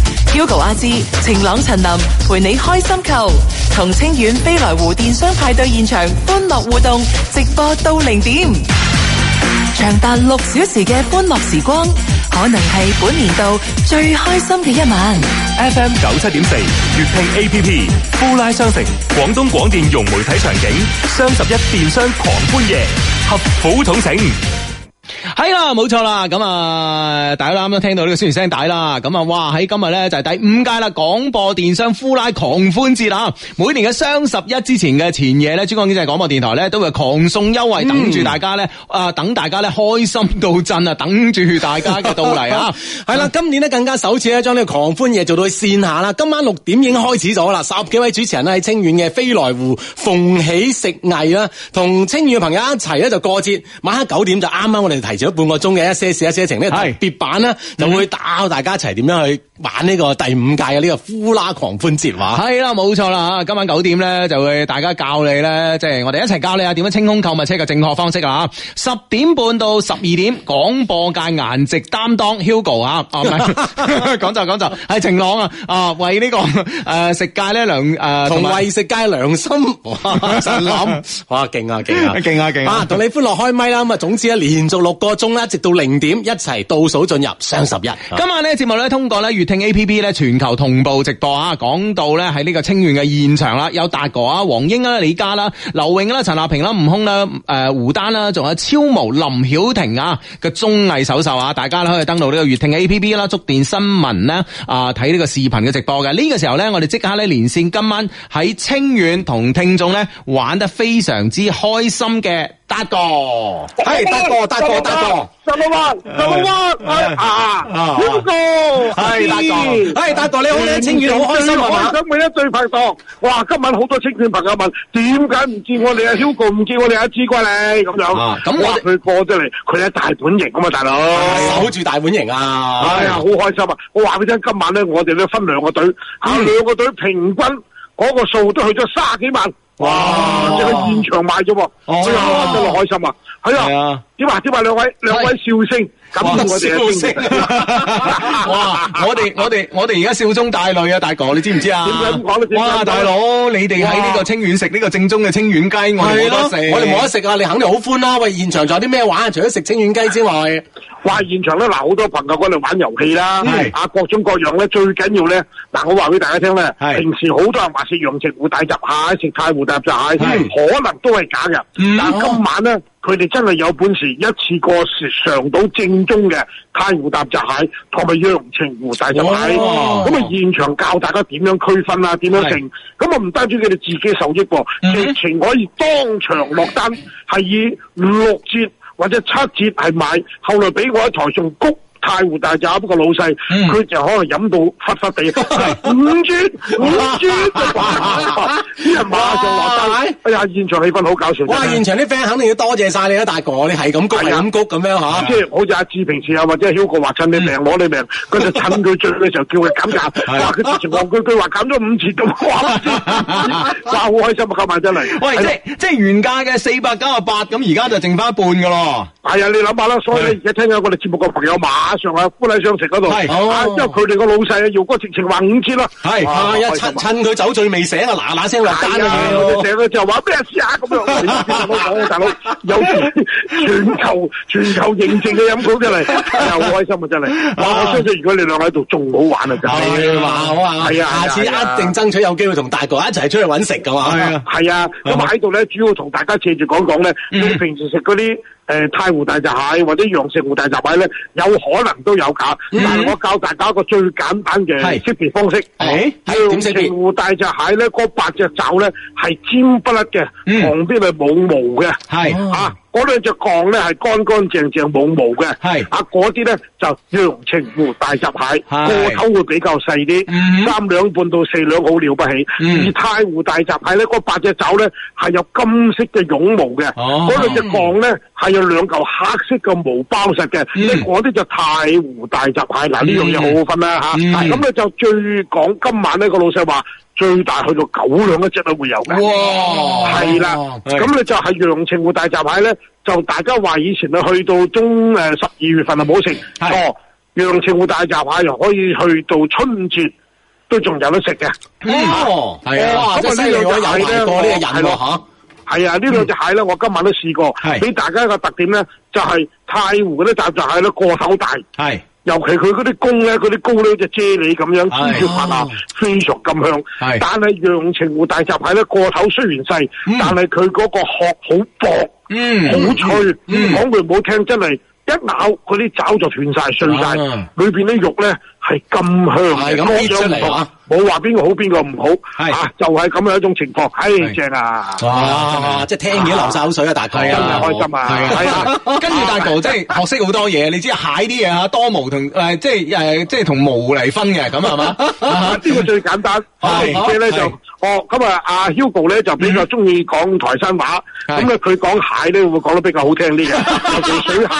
Ugo 阿芝，晴朗陳林陪你開心購，同清遠飛來湖電商派對現場歡樂互動直播到零點，長達六小時嘅歡樂時光，可能係本年度最開心嘅一晚。FM 九七點四，粵聽 A P P，呼拉商城，廣東廣電融媒體場景，雙十一電商狂歡夜，合府統請。係啦，冇錯啦，咁、嗯、啊，大家啱啱聽到呢個宣傳聲帶啦，咁、嗯、啊，哇，喺今日咧就係、是、第五屆啦廣播電商呼拉狂歡節啦、啊，每年嘅雙十一之前嘅前夜咧，珠江經濟廣播電台咧都會狂送優惠，等住大家咧，啊、嗯呃，等大家咧開心到震到啊，等住大家嘅到嚟啊。係啦，今年呢更加首次咧將呢個狂歡夜做到去線下啦，今晚六點已經開始咗啦，十幾位主持人咧喺清遠嘅飛來湖鳳喜食藝啊，同清遠嘅朋友一齊咧就過節，晚黑九點就啱啱。提前咗半個鐘嘅一些事、一些情咧，係別版咧就會打大家一齊點樣去，玩呢個第五屆嘅呢個呼啦狂歡節話，係啦冇錯啦嚇。今晚九點咧就會大家教你咧，即、就、係、是、我哋一齊教你啊點樣清空購物車嘅正確方式啊，十點半到十二點，廣播界顏值擔當 Hugo 嚇、 啊，講不 就講就係晴朗啊啊，為呢、這個誒、呃、食界咧良誒同埋、啊、食界良心晴朗哇勁啊勁啊勁啊勁啊同、啊啊、你歡樂開咪啦咁啊總之咧連續六個鐘啦，直到零點一齊倒數進入雙十一。今晚呢節目咧通過咧月。聽 A P P 咧，全球同步直播啊！講到咧喺呢個清遠嘅現場啦，有達哥啊、黃英啊、李嘉啦、啊、劉穎啦、陳立平啦、啊、悟空啦、啊、誒、呃、胡丹啦、啊，仲有超模林曉婷啊嘅綜藝首秀啊！大家咧可以登錄呢個月聽 A P P、啊、啦，觸電新聞咧啊睇呢個視頻嘅直播嘅、啊、呢、這個時候咧，我哋即刻咧連線今晚喺清遠同聽眾咧玩得非常之開心嘅。達哥，係、嗯、達哥，達哥，達哥，十六萬，十、嗯、六萬，阿阿 Hugo，係達哥，係、哎、達哥，哎、哥，你好咧，青團好開心啊，咁我哋一對拍檔，哇，今晚好多青團朋友問，點解唔見我哋阿 Hugo，唔見我哋阿志瓜你咁樣，咁我佢波真係，佢喺大本營啊嘛，大佬，守住大本營啊，哎呀，好開心啊，我話俾你聽，今晚咧，我哋咧分兩個隊，兩個隊平均嗰個數都去咗卅幾萬。哇！即係現場買咗，哇！真係開心啊！係啊，點啊點啊，兩位兩位笑聲。咁多消息啊 哇哇哇哇哇！哇！我哋我哋我哋而家笑中帶淚啊，大哥，你知唔知啊？點樣講？哇！大佬，你哋喺呢個清遠食呢、呢個正宗嘅清遠雞，我哋冇得食。我哋冇得食啊！你肯定好歡啦。喂，現場仲有啲咩玩啊？除咗食清遠雞之外，哇！現場咧，嗱好多朋友嗰度玩遊戲啦，啊、嗯、各種各樣咧，最緊要咧嗱，我話俾大家聽咧、嗯，平時好多人話食陽澄湖大閘蟹，食太湖大閘蟹、嗯，可能都係假嘅。嗯，但今晚咧。哦佢哋真係有本事一次過食上到正宗嘅太湖大閘蟹，同埋陽澄湖大閘蟹，咁啊現場教大家點樣區分啊，點樣食。咁啊唔單止佢哋自己受益、啊，直、嗯、情可以當場落單，係以六折或者七折係賣，後來俾我喺台上谷。太湖大閘，不過老細佢就可能飲到忽忽地，嗯、五樽五樽，啲人馬上話，哎呀，現場氣氛好搞笑！哇，哇現場啲 friend 肯定要多謝晒你啊，大哥，你係咁谷，係咁谷咁樣嚇。即係、啊就是、好似阿志平時啊，或者曉哥話趁你命攞、嗯、你命，佢就趁佢醉嘅時候叫佢減價，哇！佢直情講句句話減咗五折，哇！好 開心啊，購買真嚟。喂，即係即係原價嘅四百九十八，咁而家就剩翻一半嘅咯。係、哎、啊，你諗下啦，所以而家聽到我哋節目嘅朋友買。阿常阿夫禮上食嗰度，啊，之後佢哋個老細姚哥直情話五千咯，係啊，一趁趁佢酒醉未醒啊，嗱嗱聲落單啊，成個就話俾阿師啊咁樣，大佬有全球全球認證嘅飲料出嚟，又開心啊真係，我相信如果你兩位喺度仲好玩啊真係，係嘛，係啊，下次一定爭取有機會同大個一齊出去揾食噶嘛，係啊，係啊，咁啊喺度咧，主要同大家借住講講咧，你平時食嗰啲。誒、呃、太湖大閘蟹或者陽澄湖大閘蟹咧，有可能都有假。嗯、但係我教大家一個最簡單嘅識別方式。點識別？哦、陽澄湖大閘蟹咧，嗰八隻爪咧係尖不甩嘅、嗯，旁邊係冇毛嘅。係啊。嗯嗰兩隻鋼咧係乾乾淨淨冇毛嘅，係啊，嗰啲咧就陽澄湖大閘蟹，個頭會比較細啲，嗯，三兩半到四兩好了不起。嗯、而太湖大閘蟹咧，嗰八隻爪咧係有金色嘅絨毛嘅，嗰、哦、兩隻鋼咧係、嗯、有兩嚿黑色嘅毛包實嘅，你嗰啲就太湖大閘蟹。嗱、嗯、呢樣嘢好好分啦嚇，咁咧就最講今晚呢個老細話。最大去到九兩一隻都會有嘅，係啦，咁你就係陽澄湖大閘蟹咧，就大家話以前啊去到中誒十二月份啊冇食，哦，陽澄湖大閘蟹又可以去到春節都仲有得食嘅，哇、嗯，即係呢兩隻蟹咧，係咯，嚇，係啊，呢兩隻蟹咧，我今晚都試過，俾、嗯、大家一個特點咧，就係、是、太湖嗰啲大閘蟹咧個頭大，係。尤其佢嗰啲膏咧，嗰啲膏咧就是、啫喱咁樣，黐住滑滑，非常咁香。哎、但係陽澄湖大閘蟹咧，個頭雖然細、嗯，但係佢嗰個殼好薄，好、嗯、脆。講句唔好聽，真係一咬嗰啲爪就斷晒碎晒、哎，裏邊啲肉咧係咁香係開咗嚟冇話邊個好邊個唔好，係啊，就係咁樣一種情況，唉正啊！哇，即係聽嘢流曬口水啊，大概，真係開心啊！跟住大哥即係學識好多嘢，你知蟹啲嘢嚇多毛同誒，即係誒，即係同毛嚟分嘅，咁係嘛？呢個最簡單。係，即係咧就哦咁啊，阿 Hugo 咧就比較中意講台山話，咁咧佢講蟹都會講得比較好聽啲嘅，特別水蟹。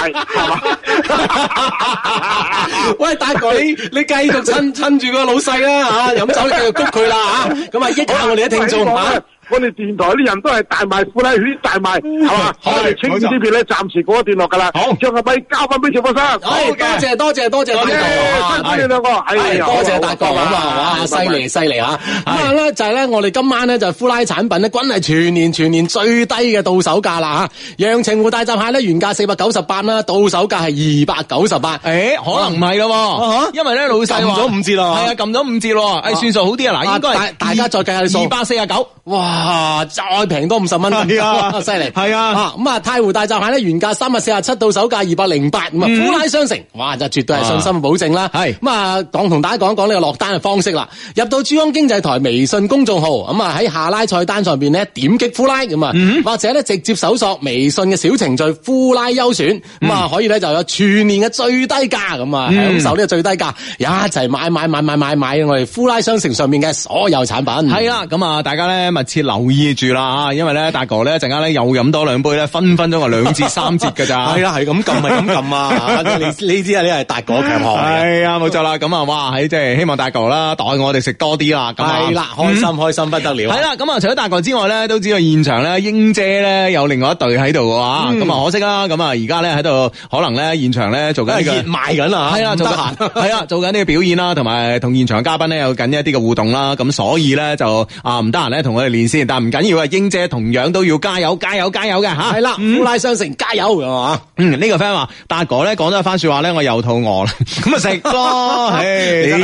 喂，大哥，你你繼續襯襯住個老細啦嚇！咁就繼續激佢啦吓？咁啊益下我哋啲聽眾吓、啊。啊我哋電台啲人都係大賣呼拉圈、嗯 哎哎哎哎哎哎，大賣係嘛？我哋清遠呢邊咧暫時嗰一段落噶啦，好，將個咪交翻俾趙先生。好，多謝多謝多謝，多謝啊！多謝兩個，多謝大哥咁啊，哇！犀利犀利啊！咁啊咧就係咧，我哋今晚咧就呼拉產品咧，均係全年全年最低嘅到手價啦吓。陽澄湖大閘蟹咧，原價四百九十八啦，到手價係二百九十八。誒，可能唔係咯，吓，因為咧老細撳咗五折咯，係啊，撳咗五折咯。誒，算數好啲啊，嗱，應該大家再計下，二百四啊九。哇！啊！再平多五十蚊，犀利係啊！咁啊，太、啊啊、湖大閘蟹咧原價三百四十七，47, 到手價二百零八，咁啊，呼拉商城，哇！就絕對係信心保證啦。係咁啊，當、啊、同、啊、大家講一講呢個落單嘅方式啦。入到珠江經濟台微信公眾號，咁啊喺下拉菜單上邊咧點擊呼拉咁啊、嗯、啊，或者咧直接搜索微信嘅小程序呼拉優選，咁、嗯、啊可以咧就有全年嘅最低價，咁啊享、嗯、受呢個最低價，一齊買，買買買買買買我哋呼拉商城上面嘅所有產品。係啦、啊，咁啊大家咧密切，留意住啦嚇，因為咧達哥咧陣間咧又飲多兩杯咧，分分鐘係兩至三折嘅咋。係 啦，係咁撳係咁撳啊 你！你知啊，你係達哥強項嚟。係 啊，冇錯啦。咁啊，哇！係即係希望達哥啦，待我哋食多啲啦。係啦、嗯，開心開心不得了、啊。係啦，咁啊，除咗達哥之外咧，都知道現場咧，英姐咧有另外一隊喺度嘅咁啊，可惜啦。咁啊，而家咧喺度可能咧現場咧做緊熱賣緊啊。係啦，做得閒。係啊，做緊呢個表演啦，同埋同現場嘅嘉賓咧有緊一啲嘅互動啦。咁所以咧就啊唔得閒咧，同我哋練習。但唔緊要啊，英姐同樣都要加油、加油、加油嘅吓。係啦，烏拉商城加油，係、啊、嘛。嗯、呢、這個 friend 話，大哥咧講咗一番說話咧，我又肚餓啦。咁啊食咯，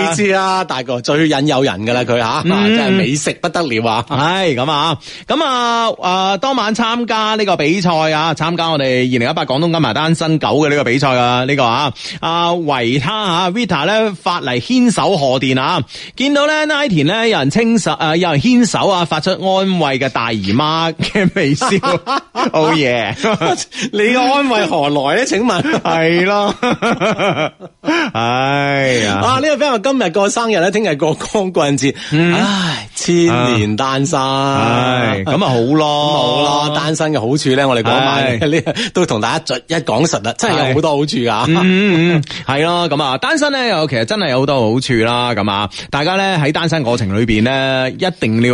你知啦，大哥最引誘人噶啦佢吓，真係美食不得了、嗯哎、啊！係，咁啊，咁啊，啊，當當晚參加呢個比賽啊，參加我哋二零一八廣東金馬單身狗嘅呢個比賽啊，呢、這個啊，阿、啊、維他啊，Vita 咧發嚟牽手賀電啊，見到咧，田咧有人清手誒、啊，有人牽手啊，發出安慰嘅大姨媽嘅微笑，好 嘢、oh yeah！ 你嘅安慰何來咧？請問係咯，係 是的、 哎、啊！呢位 friend 今日過生日咧，聽日過光棍節，唉、哎，千年單身，唉、啊，咁、哎、啊、 嗯哎、好咯，好咯！啊、單身嘅好處咧，我哋講返嚟，呢，都同大家一講實啦，真係有好多好處噶，嗯嗯，係咯，咁啊，單身咧又其實真係有好多好處啦，咁啊，大家咧喺單身過程裏邊咧，一定要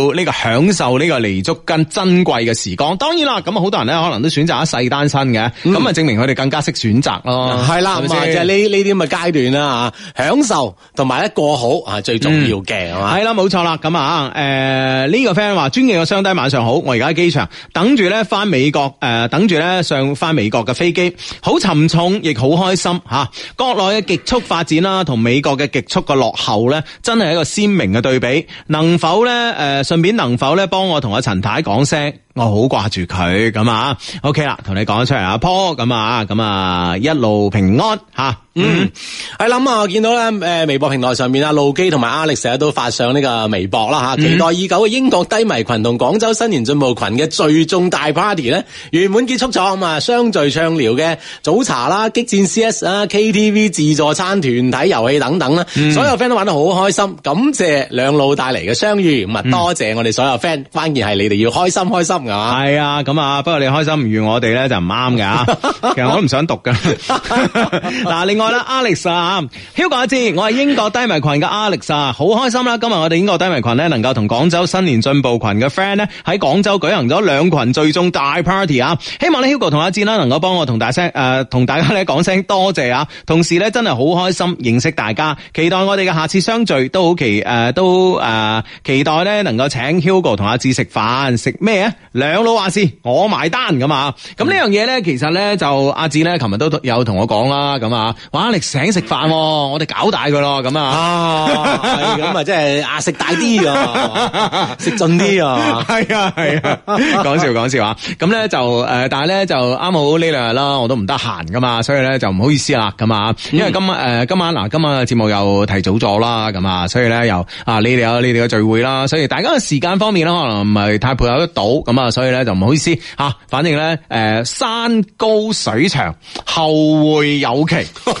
要呢、這個。享受呢個彌足跟珍貴嘅時光，當然啦，咁好多人咧可能都選擇一世單身嘅，咁、嗯嗯、啊，證明佢哋更加識選擇咯。係、就、啦、是，唔係就呢呢啲咁嘅階段啦吓，享受同埋一過好啊，最重要嘅係啦，冇錯啦，咁啊，誒、呃、呢、這個 friend 話尊敬嘅雙低晚上好，我而家喺機場等住咧翻美國，誒、呃、等住咧上翻美國嘅飛機，好沉重亦好開心吓、啊。國內嘅極速發展啦、啊，同美國嘅極速嘅落後咧，真係一個鮮明嘅對比。能否咧誒順便能？能否咧幫我同阿陳太講聲，我好掛住佢咁啊？OK 啦，同你講出嚟，阿婆咁啊，咁啊一路平安吓。嗯，喺諗啊，我見到咧，誒，微博平台上面啊，路基同埋 Alex 成日都發上呢個微博啦吓，期待已久嘅英國低迷群同廣州新年進步群嘅聚重大 party 咧，圓滿結束咗啊嘛，相聚暢聊嘅早茶啦、激戰 CS 啊、KTV 自助餐、團體遊戲等等啦、嗯，所有 friend 都玩得好開心，感謝兩路帶嚟嘅相遇，咁、嗯、啊多謝我哋所有 friend，關鍵係你哋要開心開心，係嘛？係啊，咁啊，不過你開心唔如我哋咧就唔啱嘅，其實我都唔想讀噶，嗱另。我啦 ，Alex 啊，Hugo 阿志，我係英國低迷群嘅 Alex 啊，好開心啦！今日我哋英國低迷群呢，能夠同廣州新年進步群嘅 friend 呢，喺廣州舉行咗兩群聚眾大 party 啊！希望呢 Hugo 同阿志呢，能夠幫我同大聲誒，同大家咧講聲多謝啊！同時呢，真係好開心認識大家，期待我哋嘅下次相聚都好期誒，都誒期，呃呃、期待咧能夠請 Hugo 同阿志食飯，食咩啊？兩老阿 Sir，我埋單咁啊！咁、嗯、呢樣嘢呢，其實呢，就阿志呢，琴日都有同我講啦，咁啊。哇！你醒食飯、啊，我哋搞大佢咯，咁啊，係咁啊，即係啊，食大啲啊，食盡啲啊，係啊，係啊，講笑講笑啊！咁咧就誒，但係咧就啱好呢兩日啦，我都唔得閒噶嘛，所以咧就唔好意思啦，咁啊，因為今誒今晚嗱，今晚節目又提早咗啦，咁啊，所以咧又啊，你哋有你哋嘅聚會啦，所以大家嘅時間方面啦，可能唔係太配合得到，咁啊，所以咧就唔好意思吓、啊，反正咧誒、呃、山高水長，後會有期。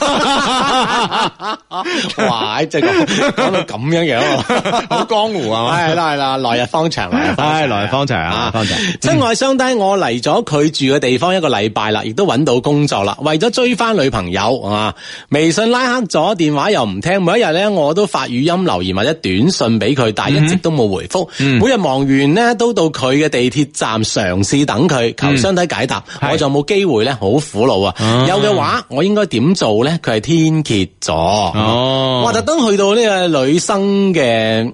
哇！即係講 到咁樣樣，好江湖啊！係啦係啦，來日方長，來日方長，係來日方長啊！方長，親愛相低，啊、相 我嚟咗佢住嘅地方一個禮拜啦，亦都揾到工作啦。為咗追翻女朋友啊，微信拉黑咗，電話又唔聽。每一日咧，我都發語音留言或者短信俾佢，但係一直都冇回覆。Mm -hmm. 每日忙完呢，都到佢嘅地鐵站嘗試等佢，求相低解答。Mm -hmm. 我就冇機會咧，好苦惱啊！Mm -hmm. 有嘅話，我應該點做咧？佢係天蠍咗，哇、哦！特登去到呢個女生嘅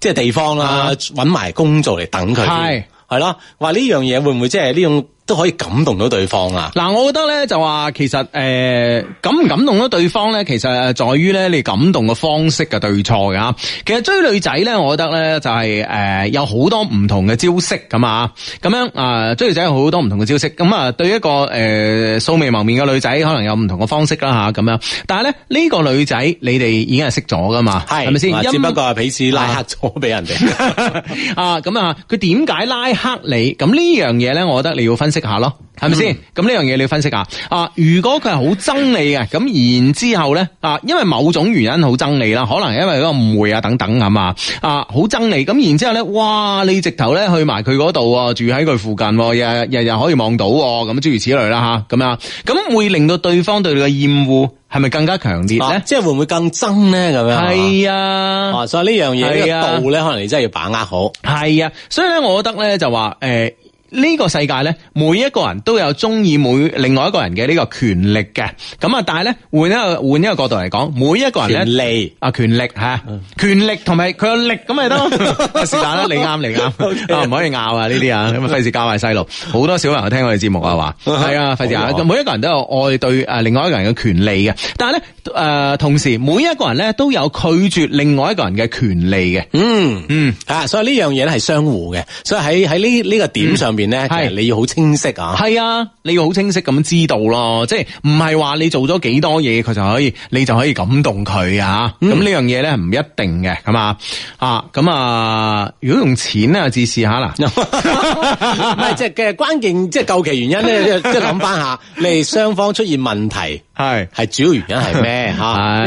即係地方啦，揾、哦、埋工作嚟等佢，係係咯。話呢樣嘢會唔會即係呢種？都可以感動到對方啊！嗱、啊，我覺得咧就話，其實誒，感唔、呃、感動到對方咧，其實在於咧你感動嘅方式嘅對錯嘅。其實追女仔咧，我覺得咧就係、是、誒、呃，有好多唔同嘅招式咁啊，咁樣啊、呃，追女仔有好多唔同嘅招式。咁啊，對一個誒、呃、素未謀面嘅女仔，可能有唔同嘅方式啦吓。咁樣，但係咧呢、這個女仔，你哋已經係識咗噶嘛？係咪先？只不過係彼此拉黑咗俾人哋啊。咁 啊，佢點解拉黑你？咁呢樣嘢咧，我覺得你要分析。下咯，係咪先？咁呢樣嘢你要分析下啊！如果佢係好憎你嘅，咁 然之後咧啊，因為某種原因好憎你啦，可能因為嗰個誤會啊等等啊嘛啊，好憎你咁，然之後咧，哇！你直頭咧去埋佢嗰度住喺佢附近，日、哦、日日可以望到咁諸、啊、如此類啦吓，咁啊，咁、啊、會令到對方對你嘅厭惡係咪更加強烈咧、啊？即係會唔會更憎咧？咁樣係啊，所以呢樣嘢嘅度咧，可能你真係要把握好。係啊，所以咧，我覺得咧就話誒。欸.呢、這個世界咧，每一個人都有中意每另外一個人嘅呢個權力嘅，咁啊，但係咧，換一個換一個角度嚟講，每一個人咧，權力啊，權力吓、啊嗯，權力同埋佢有力咁咪得咯？是但啦，你啱，你啱，唔、okay. 啊、可以拗啊呢啲啊，咁啊費事教壞細路。好多小朋友聽我哋節目啊話，係 啊，費事、啊。咁每一個人都有愛對誒，另外一個人嘅權利嘅，但係咧。誒、呃，同時每一個人咧都有拒絕另外一個人嘅權利嘅。嗯嗯，啊，所以呢樣嘢咧係相互嘅。所以喺喺呢呢個點上邊咧、嗯，其實你要好清晰啊。係啊，你要好清晰咁知道咯，即係唔係話你做咗幾多嘢，佢就可以，你就可以感動佢、嗯、啊？咁呢樣嘢咧唔一定嘅，係嘛啊？咁啊,啊,啊，如果用錢啊，自試下啦。唔 係， 即係嘅關鍵，即、就、係、是、究其原因咧，即係諗翻下，你哋雙方出現問題係係 主要原因係咩？ 吓、嗯，呢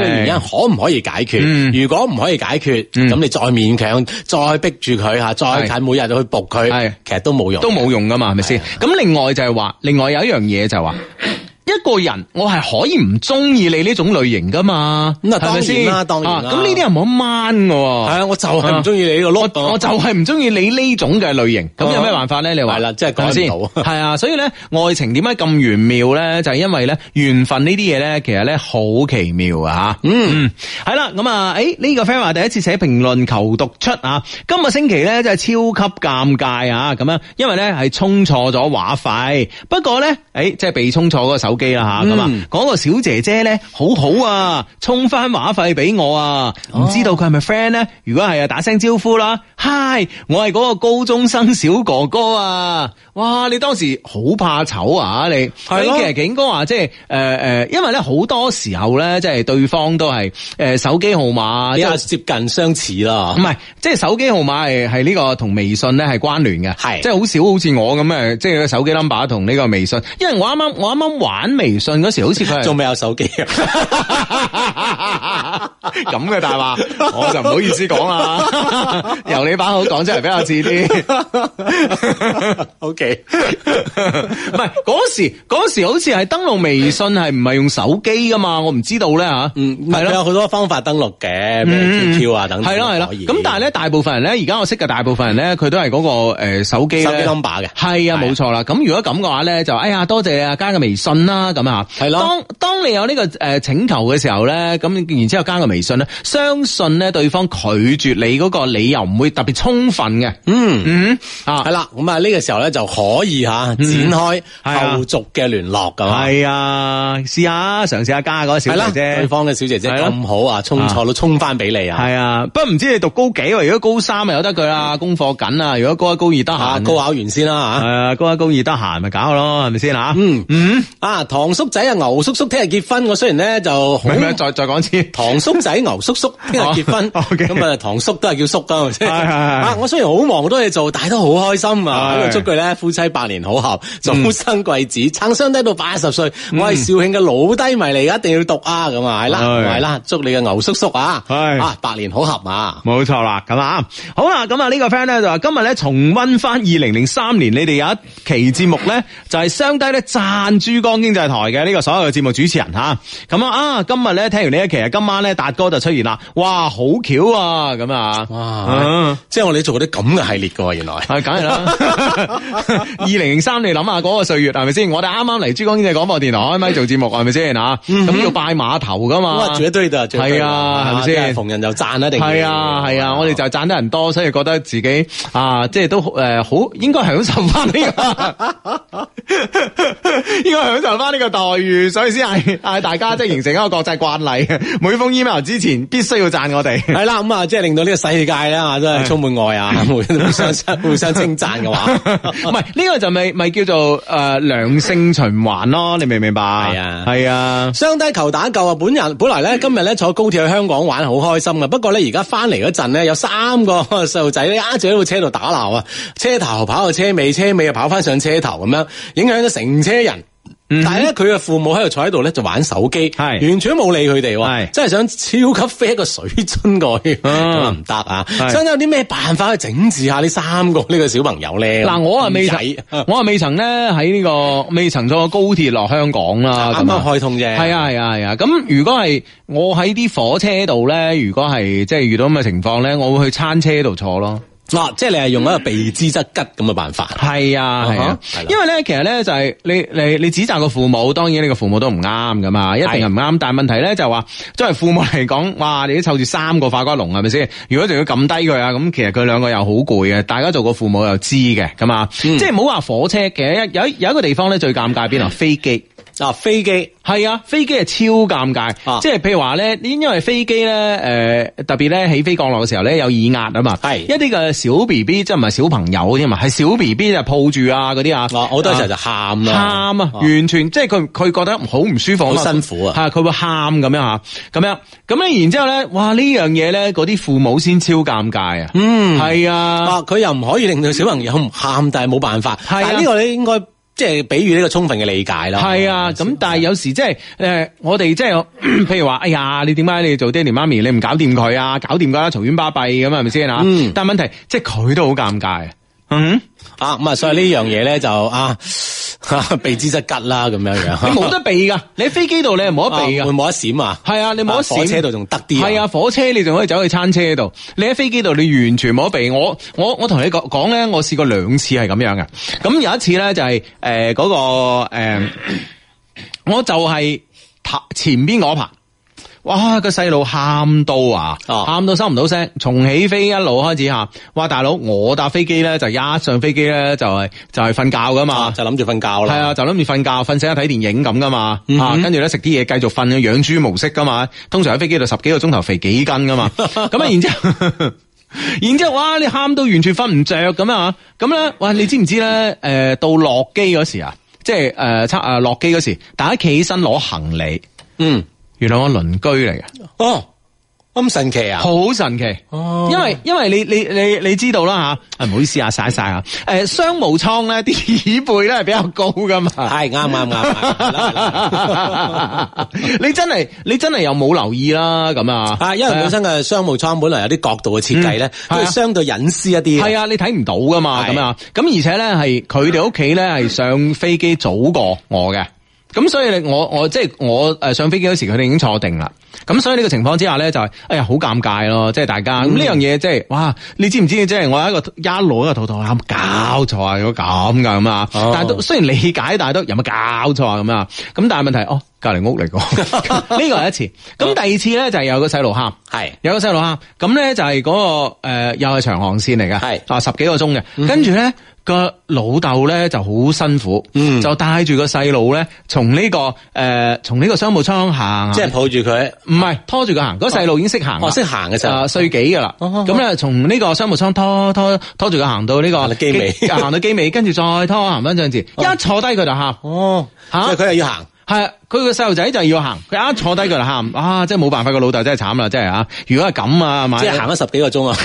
個原因可唔可以解決？嗯、如果唔可以解決，咁、嗯、你再勉強、嗯，再逼住佢吓，再近每日去搏佢，其實都冇用，都冇用噶嘛，係咪先？咁另外就係話， 另外有一樣嘢就係話。 一個人我係可以唔中意你呢種類型噶嘛，咁啊，係咪先啊？當然啦，咁呢啲又冇得掹嘅，係啊，我就係唔中意你呢個囉，我就係唔中意你呢種嘅類型，咁有咩辦法咧？你話係啦，即係講先係啊。所以咧，愛情點解咁玄妙咧？就係因為咧，緣分呢啲嘢咧，其實咧，好奇妙啊，吓、嗯，係啦。咁啊，誒，呢個 friend 話第一次寫評論求讀出啊。今日星期咧，真係超級尷尬啊，咁樣。因為咧，係充錯咗話費，不過咧，誒，即係被充錯嗰個手機啦吓咁啊！個小姐姐咧，好好啊，充翻話費俾我啊！唔知道佢係咪 friend 咧？如果係啊，打聲招呼啦。Hi，我係嗰個高中生小哥哥啊！哇，你當時好怕醜啊你？係咯。其實景哥話即係誒誒，因為咧好多時候咧，即係對方都係誒手機號碼因為接近相似啦。唔係，即係手機號碼係係呢個同微信咧係關聯嘅，係即係好少好似我咁誒，即係個手機 number 同呢個微信。因為我啱啱我啱啱玩。搵微信嗰時，好似佢仲未有手機啊。。 咁嘅大話， 我就唔好意思講啦。 由你把口講出嚟比較似啲。O K，唔係嗰時嗰時好似係登錄微信係唔係用手機噶嘛？我唔知道咧吓。係、嗯、咯，有好多方法登錄嘅，Q Q 啊等。係咯係咯。咁但係咧，大部分人咧，而家我識嘅大部分人咧，佢都係嗰、嗰個誒手機。手機 number 嘅。係啊，冇錯啦。咁如果咁嘅話咧，就哎呀，多謝你、啊、加個微信啦。咁啊，係咯。當當你有呢個誒請求嘅時候咧，咁然之後加個微。微信咧，相信咧，對方拒絕你嗰個理由唔會特別充分嘅、嗯。嗯嗯啊，係啦，咁啊呢個時候咧就可以吓、啊嗯、展開後續嘅聯絡噶嘛。係啊，試下嘗試下加嗰位小姐姐，對方嘅小姐姐咁好啊，沖錯都沖翻俾你啊。係啊，不過唔知你讀高幾？如果高三咪有得佢啊，功課緊啊。如果高一高二得下，高考完先啦、啊、吓。係啊，高一高二得閒咪搞咯，係咪先吓？嗯嗯啊，唐叔仔啊，牛叔叔聽日結婚。我雖然咧就好，再再講次唐叔。 仔牛叔叔聽日結婚，咁啊堂叔都係叫叔 啊！我雖然好忙好多嘢做，但係都好開心啊！咁祝佢咧夫妻百年好合，早生貴子、嗯，撐雙低到八十歲。嗯、我係肇慶嘅老低迷嚟，一定要讀啊！咁啊，係啦，係啦，祝你嘅牛叔叔啊，啊百年好合啊！冇錯啦，咁啊，好啦，咁啊呢個 friend 咧就話今日咧重温翻二零零三年你哋有一期節目咧，就係、是、雙低咧贊珠江經濟台嘅呢、這個所有嘅節目主持人嚇，咁啊啊今日咧聽完呢一期啊，今，呢今晚咧阿哥就出現啦、啊，哇，好巧啊，咁啊、 嗯，哇，即係我哋做嗰啲咁嘅系列噶喎，原來係梗係啦。二零零三你諗下嗰個歲月係咪先？我哋啱啱嚟珠江經濟廣播電台開咪做節目係咪先啊？咁要拜碼頭噶嘛，咁啊絕對係，啊，係咪先？逢人就讚一定係啊，係啊，啊，啊，啊，我哋就係讚得人多，所以覺得自己啊，即係都誒、呃、好應該享受翻呢、這個， 應該享受翻呢個待遇，所以先係係大家即係形成一個國際慣例，每封 email。之前必須要讚我哋， 係啦，咁啊，即係令到呢個世界啦，真係充滿愛啊，互相 互相稱讚嘅話， 唔係呢個就咪、是、咪、就是、叫做誒良性循環咯，你明唔明白？係啊，係啊，雙低球打救啊！本人本來咧今日咧坐高鐵去香港玩好開心啊。不過咧而家翻嚟嗰陣咧有三個細路仔咧啊，住喺度車度打鬧啊，車頭跑到車尾，車尾又跑翻上車頭咁樣，影響咗成車人。但係咧，佢嘅父母喺度坐喺度咧，就玩手機，係、嗯、完全冇理佢哋，係真係想超級飛一個水樽過去，咁啊唔得啊！想有啲咩辦法去整治下呢三個呢個小朋友咧？嗱，我啊未睇，我啊未曾咧喺呢個、 這個、未曾坐過高鐵落香港啦，咁啊開通啫，係啊係啊係啊！咁、啊啊啊啊、如果係我喺啲火車度咧，如果係即係遇到咁嘅情況咧，我會去餐車度坐咯。嗱、啊，即係你係用一個避之則吉咁嘅辦法。係、嗯、啊，係啊、嗯，因為咧，其實咧就係、是、你你你指責個父母，當然你個父母都唔啱噶嘛，一定係唔啱。但係問題咧就話，作為父母嚟講，哇，你都湊住三個化骨龍係咪先？如果仲要撳低佢啊，咁其實佢兩個又好攰嘅。大家做個父母又知嘅，咁啊、嗯，即係唔好話火車嘅，其實有有有一個地方咧最尷尬邊啊，飛機。啊，飛機係啊，飛機係超尷尬，啊、即係譬如話咧，因因為飛機咧，誒、呃、特別咧起飛降落嘅時候咧有耳壓啊嘛，係一啲嘅小 B B 即係唔係小朋友啫嘛，係小 B B 就抱住啊嗰啲啊，好、啊、多時候就喊咯、啊，喊啊，啊，啊，完全即係佢佢覺得好唔舒服，好、啊、辛苦啊，吓佢、啊、會喊咁樣吓，咁樣咁咧，然之後咧，哇這呢樣嘢咧，嗰啲父母先超尷尬、嗯、係啊，嗯係啊，佢又唔可以令到小朋友唔喊、嗯，但係冇辦法，係啊、但係呢個咧應該。即係比喻呢個充分嘅理解啦。係啊，咁但係有時即係、就是呃、我哋即係譬如話，哎呀，你點解你要做爹哋媽咪？你唔搞掂佢啊，搞掂佢啦，嘈冤巴閉咁係咪先啊？但係問題即係佢都好尷尬啊。嗯哼。啊，咁啊，所以呢樣嘢咧就啊，啊避之則吉啦，咁樣樣。你冇得避噶，你喺飛機度你係冇得避噶、啊，會冇得閃啊。係啊，你冇得閃、啊。火車度仲得啲。係啊，火車你仲可以走去餐車度。你喺飛機度你完全冇得避。我我我同你講講咧，我試過兩次係咁樣嘅。咁有一次咧就係誒嗰個誒、呃，我就係、是、前邊嗰排。哇！個細路喊到啊，喊、哦、到收唔到聲。從起飛一路開始吓，話大佬我搭飛機咧就一上飛機咧就係、是、就係、是、瞓覺噶嘛，哦、就諗住瞓覺啦。係啊，就諗住瞓覺，瞓醒睇電影咁噶嘛。跟住咧食啲嘢，繼續瞓，養豬模式噶嘛。通常喺飛機度十幾個鐘頭肥幾斤噶嘛。咁啊，然之後，然之後，哇！你喊到完全瞓唔着咁啊。咁咧，哇！你知唔知咧？誒，到落機嗰時啊，即係誒，差誒落機嗰時，大家企起身攞行李，嗯。嗯原來我鄰居嚟嘅，哦，咁神奇啊，好神奇，哦，因為因為你你你你知道啦吓，唔好意思啊，晒晒啊，誒，商務艙咧啲椅背咧係比較高噶嘛係啱啱啱，你真係你真係有冇留意啦，咁啊，啊，因為本身嘅商務艙本來有啲角度嘅設計咧，都係相對隱私一啲，係啊，你睇唔到噶嘛咁啊，咁而且咧係佢哋屋企咧係上飛機早過我嘅。咁所以你我我即係、就是、我誒上飛機嗰時佢哋已經坐定啦，咁所以呢個情況之下咧就係、是，哎呀好尷尬咯，即係大家咁呢、嗯、樣嘢即係，哇你知唔知即係、就是、我一個亞羅一個途途搞錯啊，如果咁噶，咁啊，但係都雖然理解，但係都有冇搞錯啊咁啊，咁但係問題哦隔籬屋嚟講呢個係一次，咁、嗯、第二次咧就係、是、有個細路喊，係有個細路喊，咁咧就係嗰、那個誒、呃、又係長航線嚟嘅係啊十幾個鐘嘅，跟住咧。個老豆咧就好辛苦，嗯，就帶住、這個細路咧，從呢個誒，從呢個商務艙行，行，即係抱住佢，唔係拖住佢行。哦，那個細路已經識行，我、哦、識、哦、行嘅時候，歲、啊、幾噶啦。咁、嗯、咧，從、嗯、呢個商務艙拖拖拖住佢行到呢、這個機尾，尾，行到機尾，跟住再拖行翻張紙。一坐低佢就喊，哦，吓，佢又要行，係啊，佢個細路仔就要行，佢一坐低佢就喊， 啊，即係冇辦法，個老豆真係慘啦，真係啊！如果係咁啊，即係行咗十幾個鐘啊，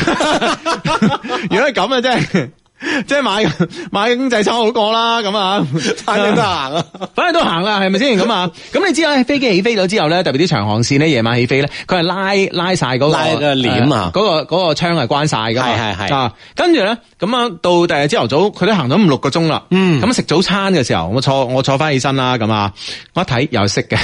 如果係咁啊，真係。即係買買經濟艙好過啦，咁啊， 反正都行啊， 反正都行啦，係咪先咁啊？咁 你知咧、那個、啊，飛機起飛咗之後咧，特別啲長航線咧，夜晚起飛咧，佢係拉拉晒嗰個簾啊，嗰個嗰個窗係關晒噶嘛。係係係啊，跟住咧，咁啊，到第日朝頭早，佢都行咗五六個鐘啦。咁、嗯嗯、食早餐嘅時候，我坐我坐翻起身啦，咁啊，我一睇又識嘅，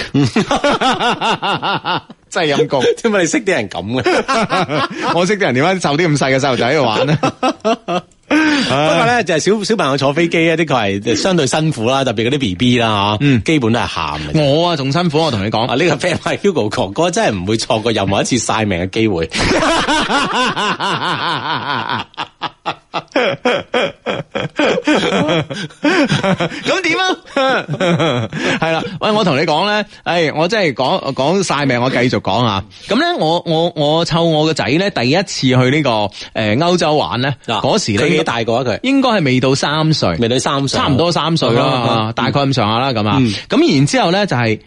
真係陰公， 點解你識啲人咁嘅？我識啲人點解湊啲咁細嘅細路仔喺度玩咧？ 不過咧，就係小小朋友坐飛機咧，的確係相對辛苦啦，特別嗰啲 B B 啦，吓，嗯，基本都係喊。我啊，仲辛苦，我同你講，啊，呢個 friend 係 Hugo 哥哥，真係唔會錯過任何一次曬命嘅機會。 咁 點樣啊？係啦，喂，我同你講咧，誒，我真係講講晒命，我繼續講啊。咁咧，我我我湊我個仔咧，第一次去呢個誒歐洲玩咧，嗰、啊、時咧幾大個一，佢應該係未到三歲，未到三歲，差唔多三歲啦、嗯，大概咁上下啦咁啊。咁然之後咧就係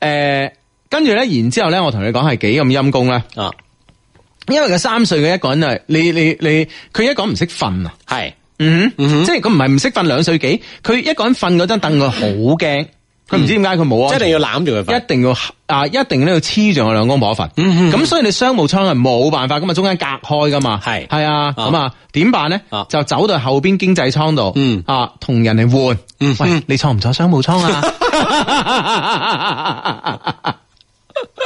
誒，跟住咧，然之後咧，我同你講係幾咁陰功咧啊！因為佢三歲嘅一個人啊，你你你，佢一個人唔識瞓啊，係，嗯，嗯即係佢唔係唔識瞓兩歲幾，佢一個人瞓嗰張凳佢好驚，佢、嗯、唔知點解佢冇啊，一定要攬住佢瞓，一定要啊，一定要黐住我兩公婆瞓，咁所以你商務艙係冇辦法，咁啊中間隔開噶嘛，係，係啊，咁啊，點辦咧？就走到後邊經濟艙度，啊，同、啊啊嗯啊、人哋換、嗯，喂，你坐唔坐商務艙啊？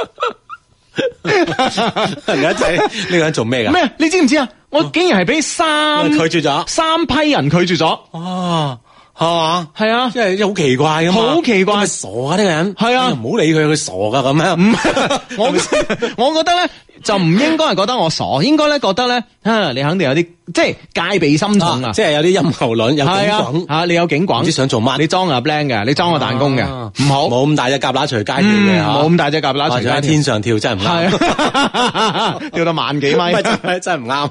而家仔呢個人做咩噶？咩？你知唔知啊？我竟然係俾三拒絕咗，三批人拒絕咗，啊？係、啊啊、嘛？係啊，即係好奇怪噶嘛？好奇怪，係係傻噶呢、啊這個人？係啊，唔、哎、好理佢，佢傻噶咁樣。我 我覺得咧。 就唔應該係覺得我傻，應該咧覺得咧，吓、啊、你肯定有啲即係戒備心重啊，啊，即係有啲陰謀論，有啲棍吓，你有警棍，唔知想做乜，你裝個 bling 嘅，你裝個彈弓嘅，唔、啊、好，冇咁大隻夾乸隨街跳嘅，冇、嗯、咁、啊、大隻夾乸隨街、啊、天上跳、啊、天上跳真係唔啱，啊、 跳到萬幾米 真係唔啱，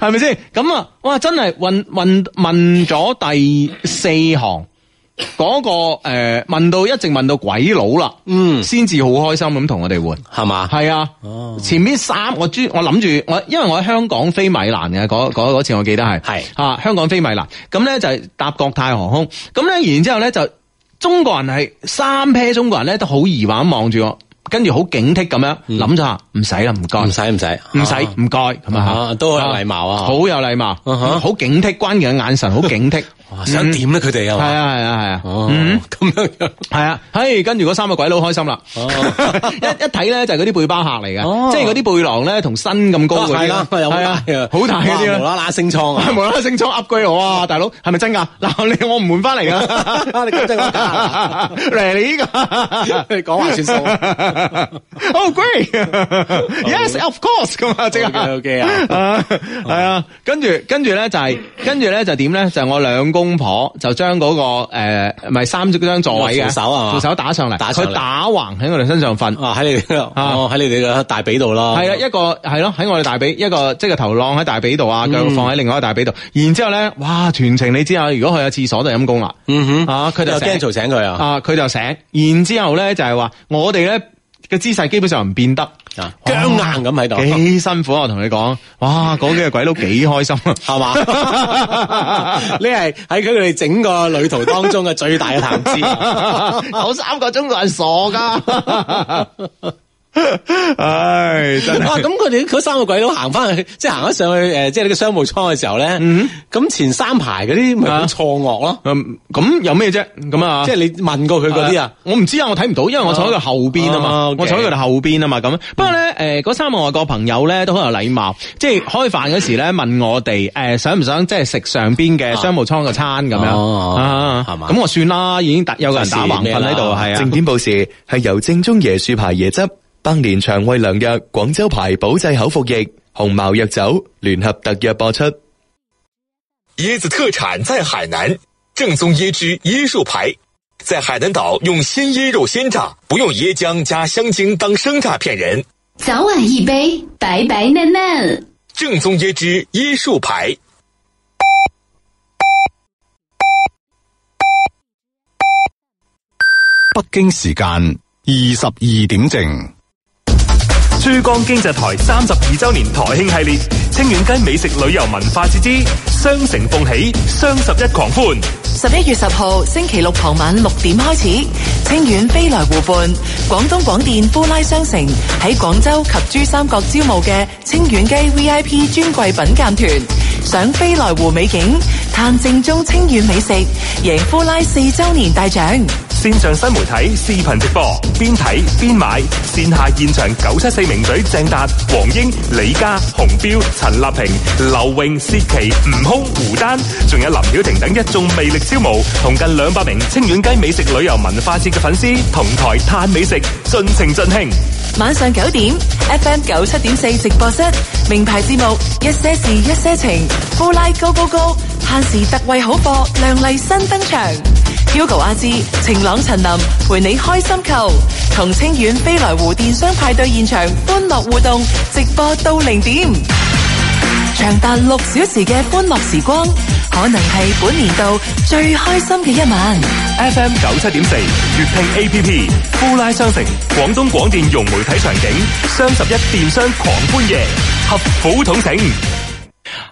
係咪先？咁啊，哇，真係問問問咗第四行。嗰個誒、呃、問到一直問到鬼佬啦，嗯，先至好開心咁同我哋換，係嘛？係啊、哦，前面三我專我諗住我，因為我喺香港飛米蘭嘅嗰次我記得係係、啊、香港飛米蘭，咁咧就搭、係、國泰航空，咁咧然之後咧就中國人係三批中國人咧都好疑惑咁望住我。跟住好警惕咁樣諗咗下，唔使啦，唔該，唔使唔使，唔使唔該，咁啊，啊，啊，啊都有禮貌啊，好有禮貌，好、啊啊、警惕，關鍵嘅眼神好警惕，想點咧？佢哋係啊係啊係啊，咁、啊嗯、樣係、啊、係啊，啊，啊，啊、嗯、啊，跟住嗰三個鬼佬開心啦、啊， 一一睇咧就係嗰啲背包客嚟嘅，即係嗰啲背囊咧同身咁高嗰係係啦，啊，好、啊啊啊啊啊、大嗰啲，無啦啦升倉啊，無啦啦升倉，upgrade 我啊。大佬係咪真噶？嗱，你我唔換翻嚟噶，你嚟你你講話算數。 oh great! yes, of course 咁、oh. 啊，即係 OK 啊，係啊，跟住跟住咧就係，跟住咧就點、是、咧 就是就是、我兩公婆就將嗰、那個誒，唔、呃、係三張座位嘅扶手啊，扶手打上嚟，佢打橫喺我哋身上瞓，喺你啊，喺你哋嘅、 啊 哦、大髀度咯，係 啊，一個係咯，喺、啊、我哋大髀一個即係個頭浪喺大髀度啊，腳、嗯、放喺另外一個大髀度，然之後咧，哇，全程你知啊，如果佢有廁所就陰功啦，嗯哼，啊，佢就驚嘈醒佢啊，啊，佢就醒，然之後咧就係、是、話我哋咧。嘅姿勢基本上唔變得啊僵硬咁喺度，幾辛苦啊！我同你講，哇，嗰幾個鬼佬幾開心啊，係 嘛是吧？呢係喺佢哋整個旅途當中嘅最大嘅談資。嗰 三個中國人傻噶 唉，真係！咁佢哋嗰三個鬼佬行翻去，即係行咗上去誒，即係呢個商務艙嘅時候咧，咁、嗯、前三排嗰啲咪好錯愕咯。咁、嗯、有咩啫？咁、嗯、啊、嗯嗯，即係你問過佢嗰啲啊？我唔知啊，我睇唔到，因為我坐喺佢後邊啊嘛，我坐喺佢哋後邊啊嘛。咁不過咧，誒、okay，嗰、呃、三個外國朋友咧都好有禮貌，嗯、即係開飯嗰時咧問我哋，誒、呃，想唔想即係食上邊嘅商務艙嘅餐咁、啊、樣係嘛？咁、啊啊啊、我算啦，已經有個人打橫瞓喺度，係啊。正點報時，係由正宗椰樹牌椰汁。百年腸胃良藥，廣州牌保濟口服液，鴻茅藥酒聯合特約播出。椰子特產在海南，正宗椰汁椰樹牌，在海南島用鮮椰肉鮮榨，不用椰漿加香精當生榨騙人。早晚一杯，白白嫩嫩。正宗椰汁椰樹牌。北京時間二十二點正。珠江經濟台三十二周年台慶系列，清遠雞美食旅遊文化節之雙城奉喜，雙十一狂歡！十一月十號星期六傍晚六點開始，清遠飛來湖畔，廣東廣電呼拉商城喺廣州及珠三角招募嘅清遠雞 V I P 專櫃品鑒團，賞飛來湖美景，探正宗清遠美食，贏呼拉四周年大獎。線上新媒體視頻直播，邊睇邊買。線下現場九七四名嘴鄭達、黃英、李嘉、洪彪、陳立平、劉榮、薛奇、吳空、胡丹，仲有林曉婷等一眾魅力超模，同近兩百名清遠雞美食旅遊文化節嘅粉絲同台嘆美食，盡情盡興。晚上九點，FM 九七點四直播室名牌節目，一些事一些情，布拉高高高，限時特惠好貨、亮麗新登場。Hugo 阿志，晴朗陳林，陪你開心球、同清遠飛來湖電商派對現場，歡樂互動直播到零點。長達六小時嘅歡樂時光，可能係本年度最開心嘅一晚。FM 九七點四，粵聽 A P P，呼拉商城，廣東廣電融媒體場景，雙十一電商狂歡夜，合府統請。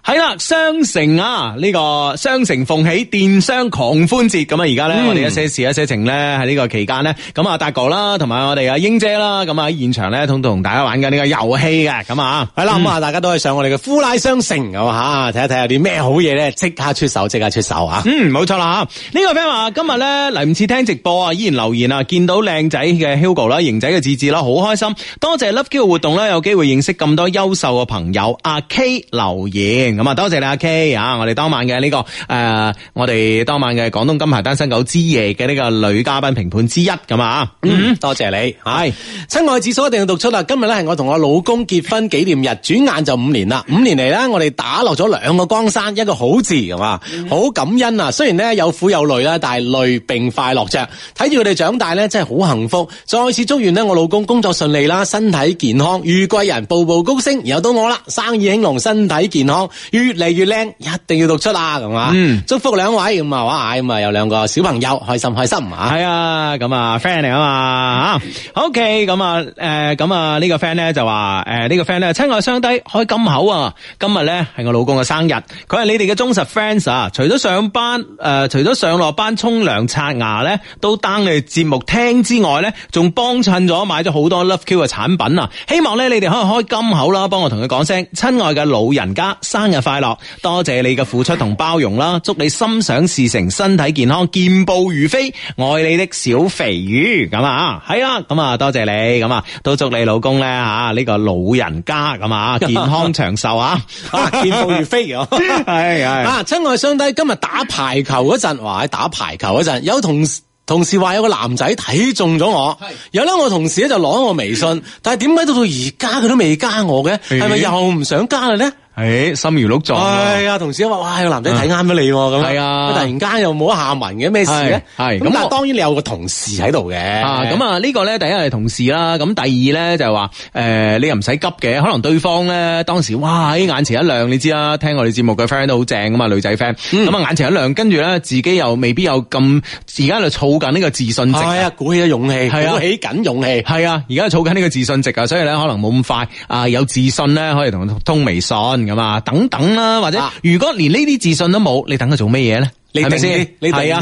係啦，商城啊，呢、這個商城鳳起電商狂歡節咁啊！而家咧，我哋一些事，一些情咧，喺呢個期間呢，咁啊，達哥啦，同埋我哋阿英姐啦，咁啊，喺現場咧，通同，同大家玩緊呢個遊戲嘅，咁啊，係啦，咁、嗯、啊，大家都係上我哋嘅呼拉商城咁吓，睇、啊、一睇有啲咩好嘢咧，即刻出手，即刻出手啊！嗯，冇錯啦，這個、朋友呢個 friend 話今日咧嚟唔切聽直播啊，依然留言啊，見到靚仔嘅 Hugo 啦、啊，型仔嘅字志啦、啊，好開心，多謝 LoveQ 嘅活動啦、啊，有機會認識咁多優秀嘅朋友，阿、啊、K 留言。咁啊，多謝你阿 K 啊、這個呃！我哋當晚嘅呢個誒，我哋當晚嘅廣東金牌單身狗之夜嘅呢個女嘉賓評判之一咁啊、嗯！多謝你，係親愛之所一定要讀出啦！今日咧係我同我老公結婚紀念日，轉眼就五年啦。五年嚟啦，我哋打落咗兩個江山，一個好字，係嘛，好、嗯、感恩啊！雖然咧有苦有累啦，但係累並快樂着。睇住佢哋長大咧，真係好幸福。再次祝願咧我老公工作順利啦，身體健康，遇貴人，步步高升。然後到我啦，生意興隆，身體健康。越嚟越靚，一定要讀出啦，咁啊，祝福兩位咁啊，哇！咁啊有兩個小朋友開心開心啊，係啊，咁啊 friend、 okay, 啊嘛吓。好、呃、咁啊誒，咁啊呢個 friend 咧就話誒呢個 friend 咧，親愛雙低開金口啊！今日咧係我老公嘅生日，佢係你哋嘅忠實 fans 啊！除咗上班誒、呃，除咗上落班沖涼刷牙咧，都當你哋節目聽之外咧，仲幫襯咗買咗好多 Love Q 嘅產品啊！希望咧你哋可以開金口啦、啊，幫我同佢講聲，親愛嘅老人家。生日快樂，多謝你嘅付出同包容啦！祝你心想事成，身體健康，健步如飛。愛你的小肥魚咁啊，係啦，咁啊，多謝你咁啊，都祝你老公咧吓呢、呢個老人家咁啊健康長壽啊， 啊健步如飛哦，係 係 啊，親愛嘅兄弟，今日打排球嗰陣，話喺打排球嗰陣，有同事同事話有個男仔睇中咗我，有咧我同事咧就攞我微信， 但係點解到到而家佢都未加我嘅？係 咪又唔想加嘞咧？係、哎、心如鹿撞、啊，係啊！同事話，哇，個男仔睇啱咗你，咁啊，啊，突然間又冇咗下文嘅咩事咧？係咁，但當然你有個同事喺度嘅咁啊，啊啊這個、呢個咧，第一係同事啦，咁第二咧就係、是、話，誒、呃，你又唔使急嘅，可能對方咧當時哇喺眼前一亮，你知啦，聽我哋節目嘅 friend 都好正噶嘛，女仔 friend，咁啊眼前一亮，跟住咧自己又未必有咁，而家就儲緊呢個自信值，鼓起咗勇氣，鼓起緊勇氣，係啊，而家儲緊呢個自信值啊，所以咧可能冇咁快啊，有自信咧可以同佢通微信。嘛，等等啦，或者如果連呢啲自信都冇，你等佢做咩嘢咧？係咪先？你睇啊，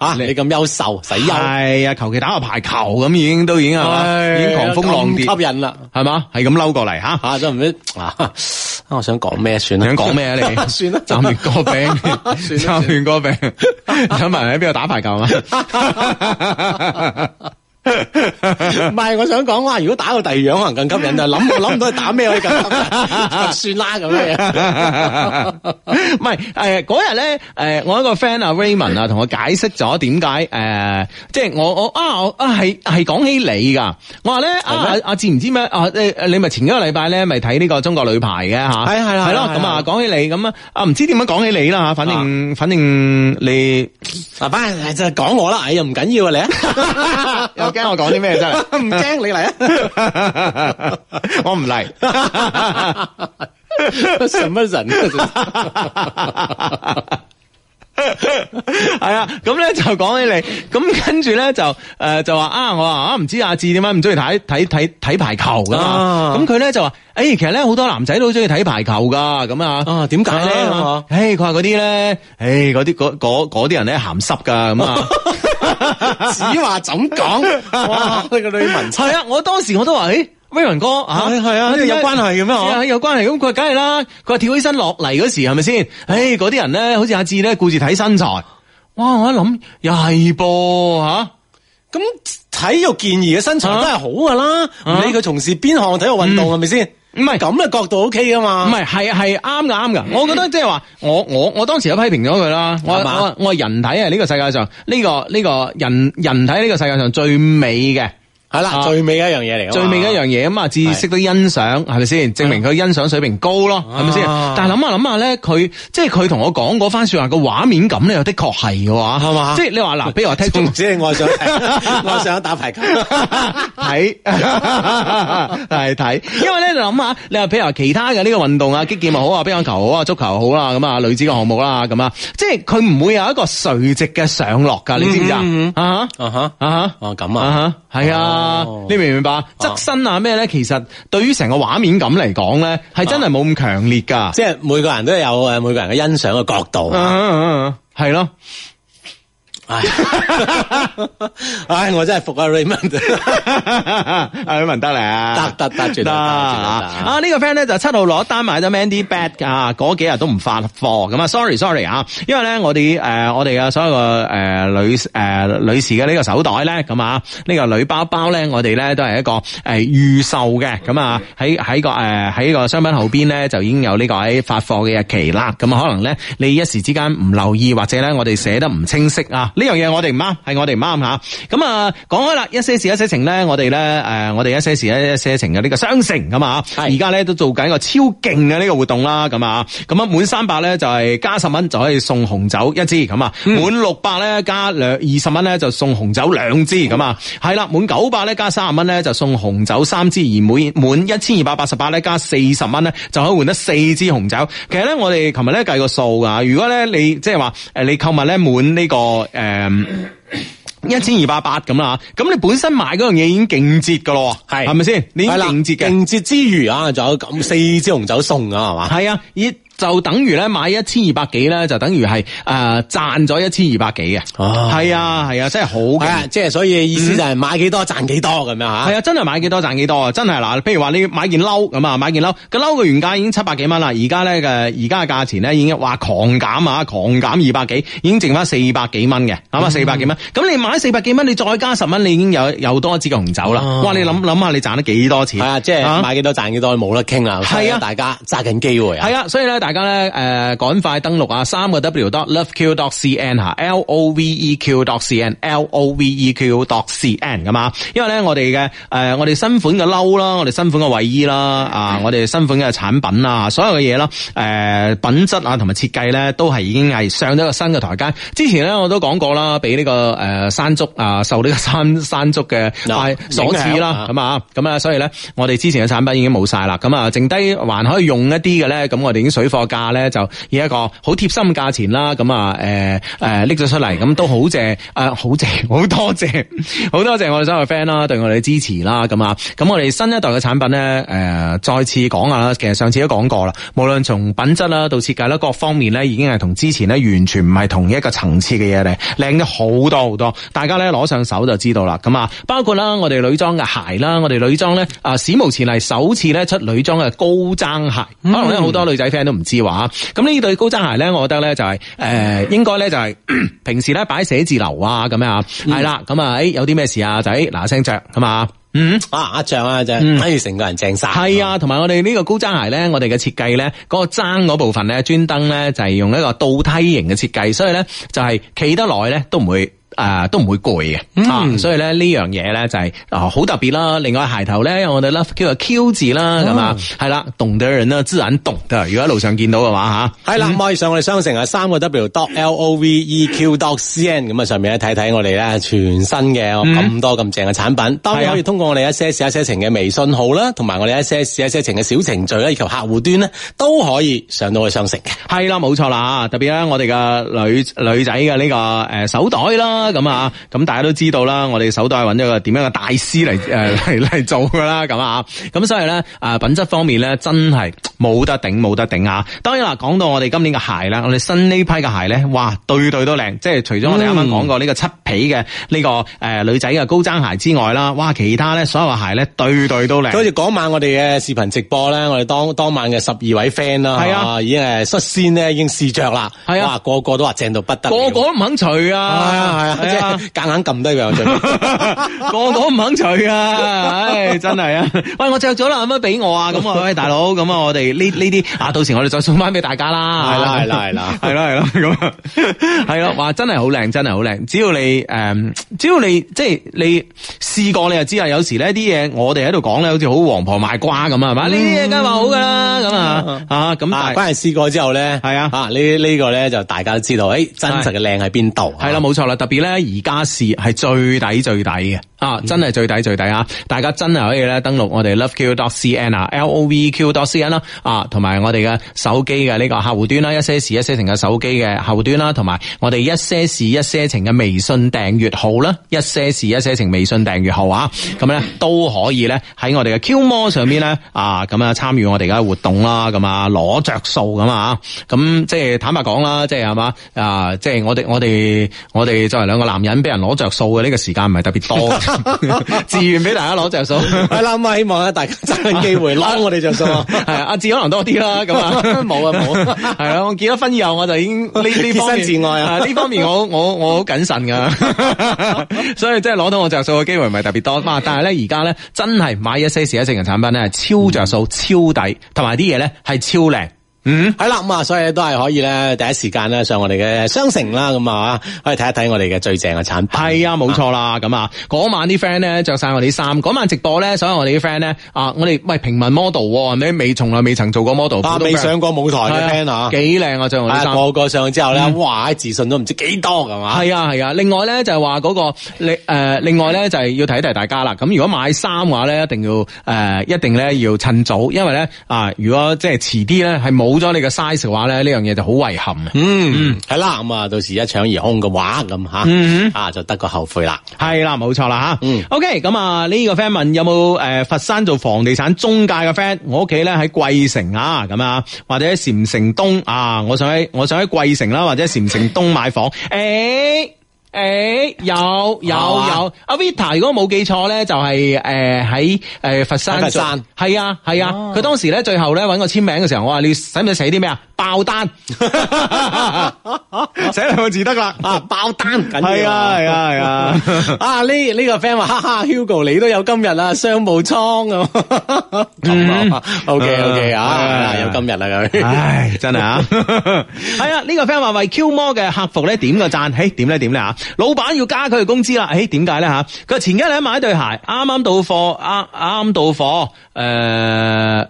啊你啊！你咁優秀，使優係啊，求其打個排球咁，已經都已經係、哎、已經狂風浪蝶，吸引啦，係嘛，係咁嬲過嚟吓吓，都、啊、唔、啊、知啊！我想講咩算啦？你想講咩、啊、你 算啦，斬完個餅，斬完個餅，想問喺邊度打排球啊？唔係，我想講話！如果打到第二樣，可能更吸引啊！諗我諗唔到佢打咩可以咁，算啦咁嘅。唔係誒，嗰日咧誒，我一個 friend 阿 Raymond 啊，同我解釋咗點解誒，即係我我啊我啊係係講起你噶。我話咧啊阿阿志唔知咩啊你，你咪前一個禮拜咧咪睇呢個中國女排嘅，吓係係係咯，咁啊講起你咁，啊啊唔知點樣講起你啦，啊反正反正你啊反正就係講我啦，哎呀唔緊要啊你。驚我講啲咩真係？唔驚你嚟啊！我唔嚟。 什麼人？係 啊，咁咧就講起嚟。咁跟住咧就誒就話啊，我話啊唔知阿志點解唔中意睇睇睇睇排球噶嘛？咁佢咧就話誒、欸，其實咧好多男仔都中意睇排球噶，咁啊，點解咧咁啊、欸？誒，佢話嗰啲咧，誒，嗰啲啲人咧鹹濕噶咁啊，啊。啊 只話怎講？哇，佢 個女文，係啊！我當時我都話，誒、欸，威文哥啊，係啊，啊，有關係嘅咩？啊，有關係。咁佢梗係啦，佢話跳起身落嚟嗰時係咪先？誒，嗰、欸、啲人咧，好似阿志咧，顧住睇身材。哇！我一諗，又係噃吓。咁、啊、體育健兒嘅身材都係好㗎啦，唔理佢從事邊項體育運動係咪先？嗯，係咪先？唔係咁嘅角度 O K 噶嘛。唔係係係啱噶啱噶，我覺得即係話我我我當時有批評咗佢啦，我話我，我人體啊，呢個世界上呢個呢個人人體呢個世界上最美嘅。係啦，最尾一樣嘢嚟，最尾一樣嘢咁啊，至識得欣賞係咪先？證明佢欣賞水平高咯，係咪先？但係諗下諗下咧，佢即係佢同我講嗰番說話個畫面感咧，又的確係嘅話，係嘛？即係你話嗱，比如話聽，總之我想睇， 我想打排球，睇係睇，因為咧你諗下，你話譬如話其他嘅呢個運動啊，擊劍又好啊，乒乓球又好啊，足球又好啦，咁啊女子嘅項目啦，咁啊，即係佢唔會有一個垂直嘅上落噶，你知唔知、嗯嗯嗯嗯、啊，啊，啊？啊哈啊，啊哈啊咁啊哈係啊。啊啊哦、你明唔明白嗎？側身啊咩咧、哦？其實對於成個畫面感嚟講咧，係真係冇咁強烈噶、哦。即係每個人都有誒，每個人嘅欣賞嘅角度，係、啊、咯。啊唉，我真係服阿 Raymond，阿 Raymond 得嚟啊，得得得，得啦，啊呢個 friend 咧就七號攞單買咗 Mandy Bag 啊，嗰幾日都唔發貨，咁啊，sorry sorry 啊，因為咧我哋誒我哋嘅所有個誒女誒女士嘅呢個手袋咧，咁啊呢個女包包咧，我哋咧都係一個誒預售嘅，咁啊喺喺個誒喺個商品後邊咧就已經有呢個喺發貨嘅日期啦，咁啊可能咧你一時之間唔留意或者咧我哋寫得唔清晰啊。呢樣嘢我哋唔啱，係我哋唔啱吓。咁啊，講開啦，一些事一些情咧，我哋咧誒，我哋一些事一些情嘅呢個商城咁啊。而家咧都在做緊一個超勁嘅呢個活動啦，咁啊，咁啊滿三百咧就係加十蚊就可以送紅酒一支，咁、嗯、啊，滿六百咧加兩二十蚊咧就送紅酒兩支，咁、嗯、啊，係啦，滿九百咧加三十蚊咧就送紅酒三支，而每滿一千二百八十八咧加四十蚊咧就可以換得四支紅酒。其實咧我哋琴日咧計個數啊，如果咧你即係話誒你購物咧滿呢個誒。呃誒，一千二百八咁啦，咁你本身買嗰樣嘢已經勁折噶咯，係係咪先？你勁折嘅，勁折之餘啊，仲有咁四支紅酒送啊，係嘛？係啊，就等於咧買一千二百幾咧，就等於係誒、呃、賺咗一千二百幾嘅。哦，係啊，係啊，真係好嘅。即係、啊、所以意思就係買幾多、嗯、賺幾多咁樣吓。係啊，啊，真係買幾多賺幾多啊！真係嗱，譬如話你買件褸咁啊，買件褸個褸嘅原價已經七百幾蚊啦，而家咧嘅而家嘅價錢咧已經話狂減啊，狂減二百幾，已經剩翻四百幾蚊嘅。啱、嗯、啊，四百幾蚊。咁你買四百幾蚊，你再加十蚊，你已經有有多一支紅酒啦。啊、哇！你諗諗下，想想你賺得幾多錢？啊，即係買幾多賺幾多，冇得傾啊。係、就是、啊，啊，大家揸緊機會啊。係啊，所以咧大家咧，誒，趕快登錄啊！三個 w dot loveq dot cn 吓，l o v e q dot c n，l o v e q dot c n 咁啊。因為咧，我哋嘅，誒，我哋新款嘅褸啦，我哋新款嘅衛衣啦，啊，我哋新款嘅產品啦，所有嘅嘢啦，誒，品質啊，同埋設計咧，都係已經係上咗個新嘅台階。之前咧，我都講過啦，俾呢、這個，誒、呃，山竹啊、呃，受呢個山山竹嘅，係所賜啦，咁啊，咁、嗯、啊，所以咧，我哋之前嘅產品已經冇晒啦，咁啊，剩低還可以用一啲嘅咧，咁我哋已經水貨。個價咧就以一個好貼心嘅價錢啦，咁啊，誒誒拎咗出嚟，咁都好正，誒好正，好多謝，好多謝我哋所有 friend 啦，對我哋嘅支持啦，咁啊，咁我哋新一代嘅產品咧，誒、啊、再次講下啦。其實上次都講過啦，無論從品質啦到設計啦，各方面咧已經係同之前咧完全唔係同一個層次嘅嘢嚟，靚咗好多好多，大家咧攞上手就知道啦，咁啊，包括啦我哋女裝嘅鞋啦，我哋女裝咧啊史無前例首次咧出女裝嘅高踭鞋，可能咧好多女仔 friend 都唔。話，咁呢對高踭鞋咧，我覺得咧就係、是，誒、嗯呃，應該咧就係、是嗯、平時咧擺喺寫字樓啊咁樣，係、嗯、啦，咁啊，誒、哎，有啲咩事啊，仔嗱聲着，係嘛，嗯，啊，阿象啊，阿鄭、啊，跟、嗯、成個人正晒，係啊，同、嗯、埋我哋呢個高踭鞋咧，我哋嘅設計咧，嗰、那個踭嗰部分咧，專登咧就係用一個倒梯形嘅設計，所以咧就係企得耐咧都唔會。誒、啊，都唔會攰嘅，吓、嗯啊，所以咧呢樣嘢咧就係、是、啊好特別啦。另外鞋頭咧，我哋 love q 嘅 q 字啦，咁、哦、啊係啦懂得人啦，自然懂得如果喺路上見到嘅話吓，係、啊嗯、啦，可以上我哋商城啊，三個 w dot l o v e q dot c n 咁、嗯、啊，上面睇睇我哋咧全新嘅咁多咁、嗯、正嘅產品，當、嗯、然可以通過我哋一些事一些情嘅微信號啦，同埋、啊、我哋一些事一些情嘅小程序咧，以及客戶端咧都可以上到去商城嘅。係啦，冇錯啦，特別咧我哋嘅女女仔嘅呢、這個誒、呃、手袋啦。咁啊，咁大家都知道啦，我哋手袋係搵一個點樣嘅大師嚟，誒嚟嚟做噶啦，咁啊，咁所以咧、啊、品質方面咧真係冇得頂冇得頂啊！當然啦，講到我哋今年嘅鞋啦，我哋新呢批嘅鞋咧，哇對，對對都靚，即係除咗我哋啱啱講過呢個漆皮嘅呢、這個誒、呃、女仔嘅高踭鞋之外啦，哇其他咧所有鞋咧對，對對都靚。好似嗰晚我哋嘅視頻直播咧，我哋當當晚嘅十二位 friend 啦、啊，係啊，已經係率先呢已經試著啦，係啊，個個都話正到不得了，個個都唔肯除啊，啊、即係夾硬撳低俾我除， 個個唔肯除啊！唉、哎，真係啊！喂，我着咗啦，可唔可以俾我啊？咁 啊，喂、哎，大佬，咁啊，我哋呢呢啲啊，到時我哋再送翻俾大家啦。係啦，係啦，係啦，係啦，係啦，咁啊，係啦，話真係好靚，真係好靚。只要你誒、呃，只要你即係你試過，你就知啊。有時呢啲嘢，我哋喺度講咧，好似好王婆賣瓜咁、嗯嗯、啊，係、啊、嘛？呢啲嘢梗話好噶啦。咁啊咁但係試過之後咧，係啊啊、這個、呢呢個咧就大家都知道，誒、欸啊，真實嘅靚喺邊度？係啦、啊，冇錯啦，特別。咧而家是係最抵最抵嘅啊！真係最抵最抵啊！大家真係可以咧登錄我哋 loveq.cn 啊，L O V Q.cn 啦啊，同埋我哋嘅手機嘅呢個客戶端啦，一些事一些情嘅手機嘅客戶端啦，同埋我哋一些事一些情嘅微信訂閱號啦，一些事一些情微信訂閱號啊，咁咧都可以咧喺我哋嘅 Q m o 上邊咧啊，咁啊參與我哋而家活動啦，咁啊攞着數咁啊，咁即係坦白講啦，即係係嘛啊，即係我哋我哋我哋作為。兩個男人俾人攞着數嘅呢個時間唔係特別多的，自願俾大家攞着數。係 啦， 咁啊，希望大家揸緊機會攞我哋着數。係阿志可能多啲啦，咁啊冇啊冇，係 啦， 我結咗婚以後我就已經呢呢方面自愛 啊，呢方面我我我好謹慎噶， 所以即係攞到我着數嘅機會唔係特別多。嘛， 但係咧而家咧真係買一些事一些情嘅產品咧、嗯，超着數、東西是超抵，同埋啲嘢咧係超靚。嗯，係啦，咁啊，所以都係可以咧，第一時間咧上我哋嘅商城啦，咁啊，可以睇一睇我哋嘅最正嘅產品。係啊，冇錯啦，咁啊，嗰晚啲 friend 咧着晒我哋啲衫，嗰晚直播咧，所有我哋啲 friend 咧啊，我哋喂平民 model，未、啊、從來未曾做過 model，未、啊、上過舞台嘅 friend 啊，幾靚啊着、啊、我哋啲衫，個，個上去之後咧，mm -hmm. 哇，自信都唔知幾多、啊，係嘛、啊？係啊係啊，另外咧就係話嗰個，你、呃、誒，另外咧就係、是、要提提大家啦。咁如果買衫嘅話咧，一定要誒、呃，一定咧要趁早，因為咧啊、呃，如果即係遲啲咧係冇咗你個 size 嘅，這個 size 嘅話咧，呢樣嘢就好遺憾。嗯，係啦，咁啊，到時一搶而空嘅話，咁吓，啊，就得個後悔啦。係、okay, 啦，冇錯啦，吓。嗯，OK，咁啊，呢個 friend 問有冇誒佛山做房地產中介嘅 friend？我屋企咧喺桂城啊，咁啊，或者喺禪城東啊，我想喺我想喺桂城啦，或者喺禪城東買房，買房。誒。誒、欸，有有有，阿、啊啊、Vita 如果冇記錯咧、就是，就係誒喺誒佛山站，係啊係啊，佢、啊啊、當時咧最後咧搵我簽名嘅時候，我話你使唔使寫啲咩啊？爆單，寫兩個字得啦，啊爆單，係啊係啊係啊，啊呢呢、啊 啊這個 friend 話，哈哈，Hugo 你都有今日啊，商務倉咁，OK OK 啊，啊啊啊有今日啦，唉真係啊，係、哎、啊，呢、 啊這個 friend 話為 Q 摩嘅客服咧點個讚，誒點咧點咧啊！老闆要加佢嘅工資啦！誒，點解咧吓？佢話前幾日買對鞋，啱啱到貨，啱、啊、啱到貨，誒、啊。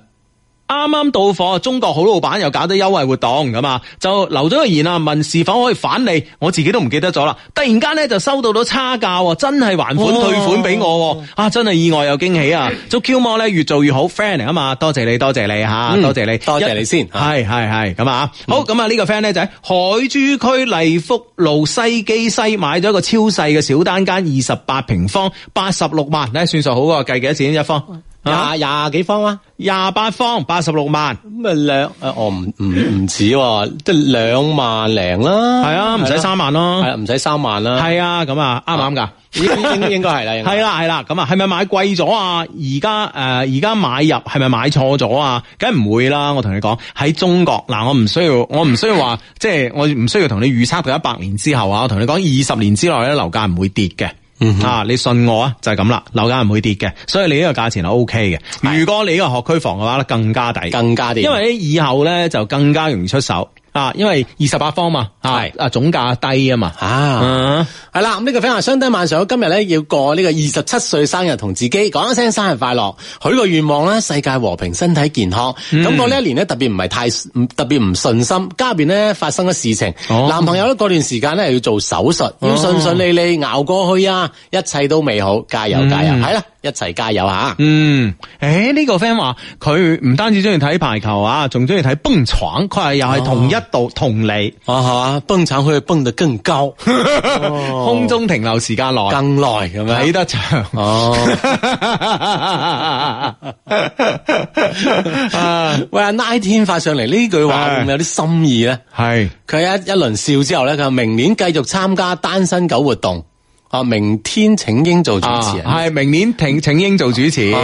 啱啱到貨，中國好老闆又搞咗優惠活動，咁啊就留咗個言啊問是否可以返利，我自己都唔記得咗啦。突然間咧就收到咗差價，真係還款退款俾我，哦、啊真係意外有驚喜啊！祝、哦、Q 貓咧越做越好，friend 啊嘛，多謝你，多謝你吓，多謝你，多謝你先，係係係咁啊！好，咁啊呢個 friend 咧就喺海珠區荔福路西基西買咗一個超細嘅小單間，二十八平方，八十六萬，咧算數好啊，計幾多錢一方？廿廿幾方啊，廿八方，八十六萬咁啊兩誒，我唔唔唔止，即係兩萬零啦，係啊，唔、就、使、是啊 啊、三萬咯，係啊，唔使、啊、三萬啦，係啊，咁啊啱唔啱噶？應應應該係啦，係啦係啦，咁啊，係咪買貴咗啊？而家誒，而家、啊啊啊啊啊呃、買入係咪買錯咗啊？梗係唔會啦，我同你講喺中國嗱、啊，我唔需要，我唔需要話即係我唔需要同、就是、你預測到一百年之後啊，我同你講二十年之內咧，樓價唔會跌嘅。嗯、啊！你信我啊，就係咁啦，樓價唔會跌嘅，所以你呢個價錢係 OK 嘅。如果你呢個學區房嘅話咧，更加抵，更加啲，因為以後咧就更加容易出手啊！因為二十八方嘛，係啊總價低啊嘛啊。係啦，咁、這、呢個 friend 話相登晚上，今日咧要過呢個二十七歲生日，同自己講一聲生日快樂，許個願望咧，世界和平，身體健康。咁過呢一年咧，特別唔係太特別唔順心，加入邊咧發生嘅事情、哦，男朋友咧過段時間咧要做手術、哦，要順順利利熬過去啊，一切都美好，加油、嗯、加油，係啦，一齊加油吓。嗯，誒呢、這個 friend 話佢唔單止中意睇排球、哦、啊，仲中意睇蹦床，佢又係同一度同理啊，係嘛，蹦床會蹦得更高。哦 空中停留時間耐，更耐咁樣睇得長哦。 喂啊天發上嚟呢句話會不會有啲心意咧，係、uh, 佢一一輪笑之後咧，佢明年繼續參加單身狗活動。啊！明天請英做主持人，係、啊、明年請請英做主持、啊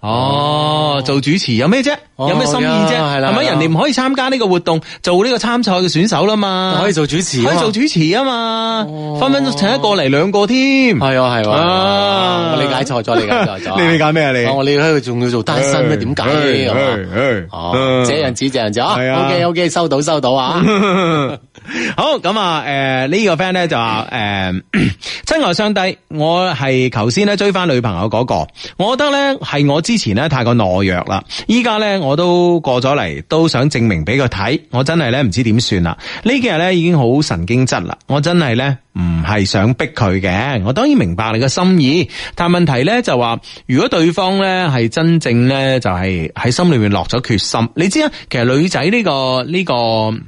啊。哦，做主持有咩啫、啊？有咩心意啫？係、yeah, 啦、yeah,，咪人哋唔可以參加呢個活動，做呢個參賽嘅選手啦嘛，yeah, 可以做主持，uh, 可以做主持、uh, 啊嘛、啊，分分鐘請一個嚟兩個添。係、uh, 啊，係喎、啊，我理、啊 uh, 解錯咗你啦，理解咩啊你？我理解佢仲要做單身咩？點、hey, 解？哦、hey, hey, 啊，uh, 這樣子，這樣子。係啊，OK，OK，收到，收到啊。好咁啊！誒、嗯、呢、這個 friend 咧就話誒，真、嗯、愛上帝，我係頭先咧追翻女朋友嗰、那個，我覺得咧係我之前咧太過懦弱啦，依家咧我都過咗嚟，都想證明俾佢睇，我真係咧唔知點算啦。呢幾日咧已經好神經質啦，我真係咧唔係想逼佢嘅，我當然明白你嘅心意，但問題咧就話、是，如果對方咧係真正咧就係喺心裏面落咗決心，你知啊，其實女仔呢個呢個。這個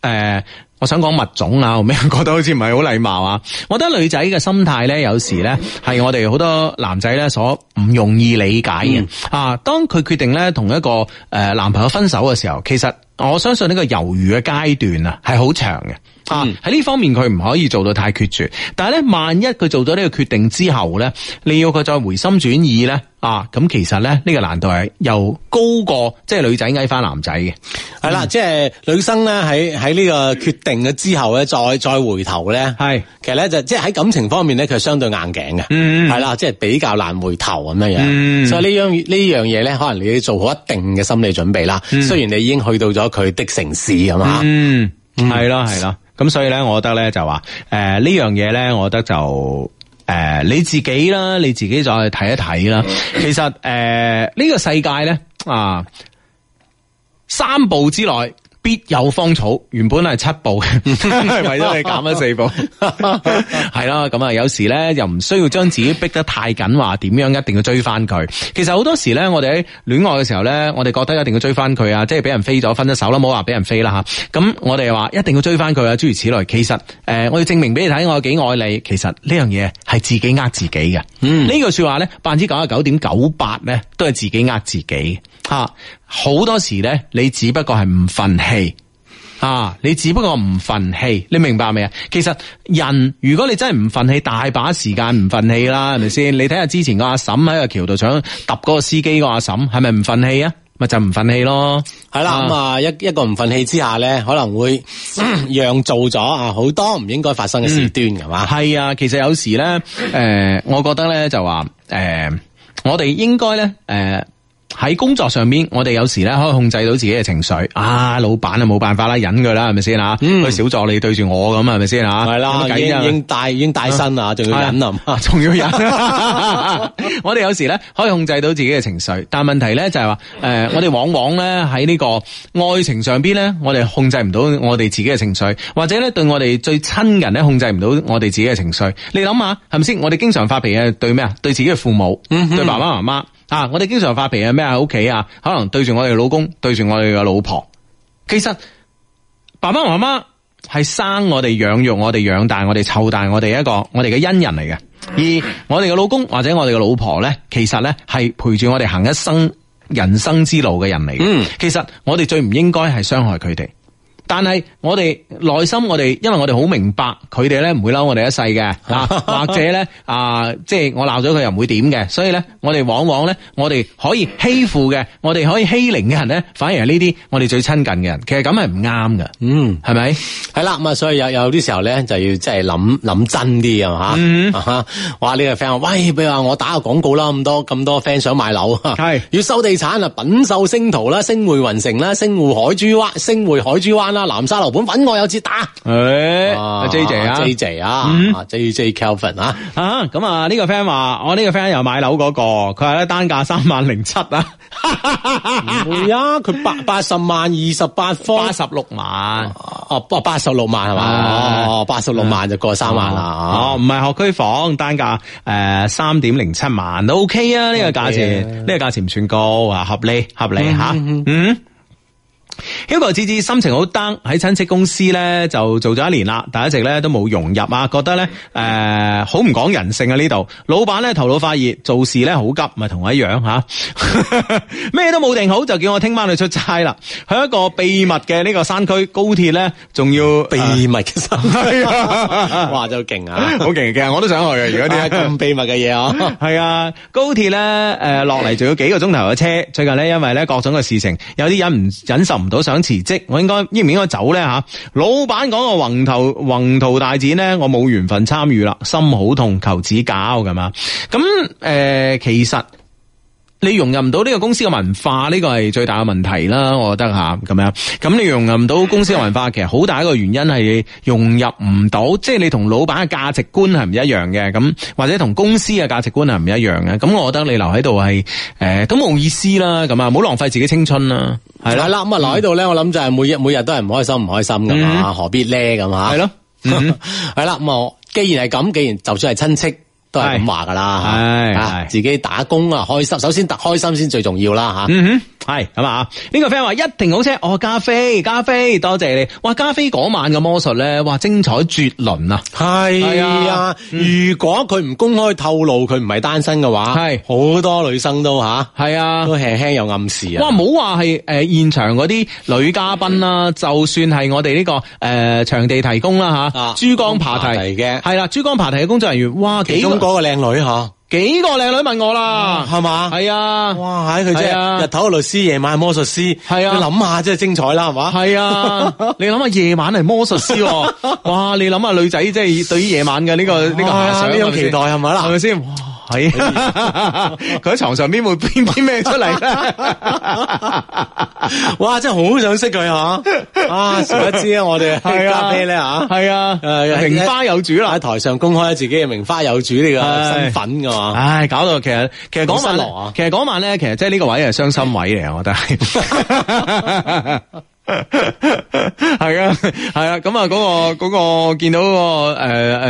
誒、呃，我想講物種啦，或咩覺得好似唔係好禮貌啊？我覺得女仔嘅心態咧，有時咧係我哋好多男仔咧所唔容易理解嘅。啊，當佢決定咧同一個誒男朋友分手嘅時候，其實我相信呢個猶豫嘅階段啊，係好長嘅。啊！喺呢方面佢唔可以做到太決絕，但係咧，萬一佢做咗呢個決定之後咧，你要佢再回心轉意咧，啊，咁其實咧呢、這個難度係又高過即係女仔嗌翻男仔嘅，係啦，即係女生咧喺喺呢在在這個決定咗之後咧，再再回頭咧，係，其實咧就即係喺感情方面咧，佢係相對硬頸嘅，係、嗯、啦，即、就、係、是、比較難回頭咁樣樣，嗯、所以、這個這個、東西呢樣呢樣嘢咧，可能你要做好一定嘅心理準備啦。嗯、雖然你已經去到咗佢的城市咁啊，嗯，係、嗯、咯，係咯。咁所以咧，我覺得咧就話，誒、呃這個、呢樣嘢咧，我覺得就，誒、呃、你自己啦，你自己再去睇一睇啦。其實，誒、呃、呢、這個世界咧，啊三步之內，必有芳草，原本係七步，為 咗你係減咗四步。係 啦， 咁啊，有時咧又唔需要將自己逼得太緊，話點樣一定要追翻佢。其實好多時咧，我哋喺戀愛嘅時候咧，我哋覺得一定要追翻佢啊，即係俾人飛咗分咗手啦，唔好話俾人飛啦吓。咁我哋話一定要追翻佢啊，諸如此類。其實誒，我要證明俾你睇，我有幾愛你。其實呢樣嘢係自己呃自己嘅。嗯這呢，呢句說話咧，百分之九十九點九八咧，都係自己呃自己。吓、啊。好多時咧，你只不過係唔憤氣啊！你只不過唔憤氣，你明白未啊？其實人如果你真係唔憤氣，大把時間唔憤氣啦，係咪先？你睇下之前個阿嬸喺個橋度想揼嗰個司機個阿嬸，係咪唔憤氣啊？咪就唔憤氣咯，係啦咁啊！一一個唔憤氣之下咧，可能會讓做咗啊好多唔應該發生嘅事端，係、嗯、嘛？係、嗯、啊，其實有時咧，誒、呃，我覺得咧就話，誒、呃，我哋應該咧，誒、呃。喺工作上邊，我哋有時咧可以控制到自己嘅情緒。啊，老闆啊冇辦法啦，忍佢啦，係咪先啊？嗯，嗰小助理對住我咁啊，係咪先啊？係啦，已經帶已經帶身啦，仲、啊、要忍啊，仲要忍。 我哋有時咧可以控制到自己嘅情緒，但係問題咧就係、是、話，誒、呃，我哋往往咧喺呢個愛情上邊咧，我哋控制唔到我哋自己嘅情緒，或者咧對我哋最親人咧控制唔到我哋自己嘅情緒。你諗下，係咪先？我哋經常發脾氣對咩啊？對自己嘅父母、嗯，對爸爸媽媽。啊！我哋經常發脾氣咩啊？喺屋企啊，可能對住我哋老公，對住我哋嘅老婆。其實爸爸媽媽係生我哋、養育我哋、養大我哋、湊大我哋一個，我哋嘅恩人嚟嘅。而我哋嘅老公或者我哋嘅老婆咧，其實咧係陪住我哋行一生人生之路嘅人嚟嘅。嗯，其實我哋最唔應該係傷害佢哋。但係我哋內心我，我哋因為我哋好明白佢哋咧唔會嬲我哋一世嘅，嗱、 啊、或者咧啊，即係我鬧咗佢又唔會點嘅，所以咧我哋往往咧我哋可以欺負嘅，我哋可以欺凌嘅人咧，反而係呢啲我哋最親近嘅人。其實咁係唔啱嘅，嗯，係咪？係啦，咁啊，所以有有啲時候咧就要即係諗諗真啲、嗯、啊，吓，吓，哇！呢、這個 friend 話喂，比如話我打個廣告啦，咁多咁多 friend 想買樓，係要收地產啊，品秀星圖啦，星匯雲城啦，星匯海珠灣，星匯海珠灣啦。南沙樓盤揾我有折打，J J 啊，J J 啊，J J Kelvin 啊，咁啊呢、啊啊嗯啊啊啊這個 friend 話，我呢個 friend 又買樓嗰、那個，佢係單價三萬零七啊，唔 會啊，佢八八十萬二十八方，八十六萬，哦、啊，八八十六萬係嘛，哦、啊，八十六萬就過三萬啦，哦、啊，唔、啊、係、啊啊、學區房，單價誒三點零七萬，O、okay、K 啊，呢、這個價錢，呢、okay 啊這個價錢唔算高啊，合理合理吓、嗯嗯嗯啊，嗯。Hugo 智智心情好 down，喺親戚公司咧就做咗一年啦，但一直咧都冇融入啊，覺得咧誒好唔講人性啊呢度，老闆咧頭腦發熱，做事咧好急，咪同我一樣吓，咩、啊、 都冇定好就叫我聽晚去出差啦。去一個秘密嘅呢個山區高鐵咧，仲要秘密嘅山區、啊 啊，哇就勁啊，好勁嘅我都想去嘅，如果點解咁秘密嘅嘢啊？係 啊，高鐵咧誒落嚟仲要幾個鐘頭嘅車，最近咧因為咧各種嘅事情，有啲忍唔忍受唔。都想辭職，我應該應唔應該走呢？吓？老闆講個宏圖宏圖大展呢，我冇緣分參與啦，心好痛，求指教，係嘛？咁誒，呃，其實。你融入唔到呢個公司嘅文化，呢、這個係最大嘅問題啦，我覺得吓咁樣。咁、啊、你融入唔到公司嘅文化，其實好大一個原因係融入唔到，即、就、係、是、你同老闆嘅價值觀係唔一樣嘅，咁或者同公司嘅價值觀係唔一樣嘅。咁我覺得你留喺度係誒都冇意思啦，咁啊唔好浪費自己青春啦，係啦係啦咁啊、嗯、留喺度咧，我諗就係每日每日都係唔開心唔開心噶嘛，嗯、何必咧咁，吓？係咯，係、嗯、 啦。我既然係咁，既然就算係親戚。都係咁話噶啦，吓、啊、自己打工啊開心，首先得開心先最重要啦、啊，吓、啊。嗯哼係，係嘛？呢、這個 friend 話一定好車，哦，加菲，加菲，多謝你。哇，加菲嗰晚嘅魔術咧，哇，精彩絕倫啊！係啊，是啊、嗯，如果佢唔公開透露佢唔係單身嘅話，係好、啊、多女生都吓，係啊，啊，都輕輕有暗示啊。哇，唔好話係誒現場嗰啲女嘉賓啦、啊， 就算係我哋呢、這個誒、呃、場地提供啦、啊、吓、啊，珠江琶堤嘅係啦，珠江琶堤嘅工作人員，哇，其中嗰個靚女吓。啊幾個靚女問我啦，係、哦、嘛？係啊！哇，喺佢啫，日頭嘅律師，夜、啊、晚係魔術師，係啊！你諗下真係精彩啦，係嘛？係啊！你諗下夜晚係魔術師、哦 哇想想這個，哇！你諗下女仔即係對於夜晚嘅呢個呢個呢種期待係咪啦？係咪先？佢喺、啊哎、床上邊會變啲咩出嚟咧？哇！真係好想識佢吓，啊，誰不知啊！知我哋加咩咧吓？係啊，啊名花有主啦！喺台上公開自己嘅名花有主呢個身份噶嘛？唉、啊哎，搞到其實其實嗰晚，啊、晚，其實嗰晚咧，其實即係呢個位係傷心位嚟，啊，我覺得係。 係 啊，係啊，咁啊，嗰個嗰個見到個誒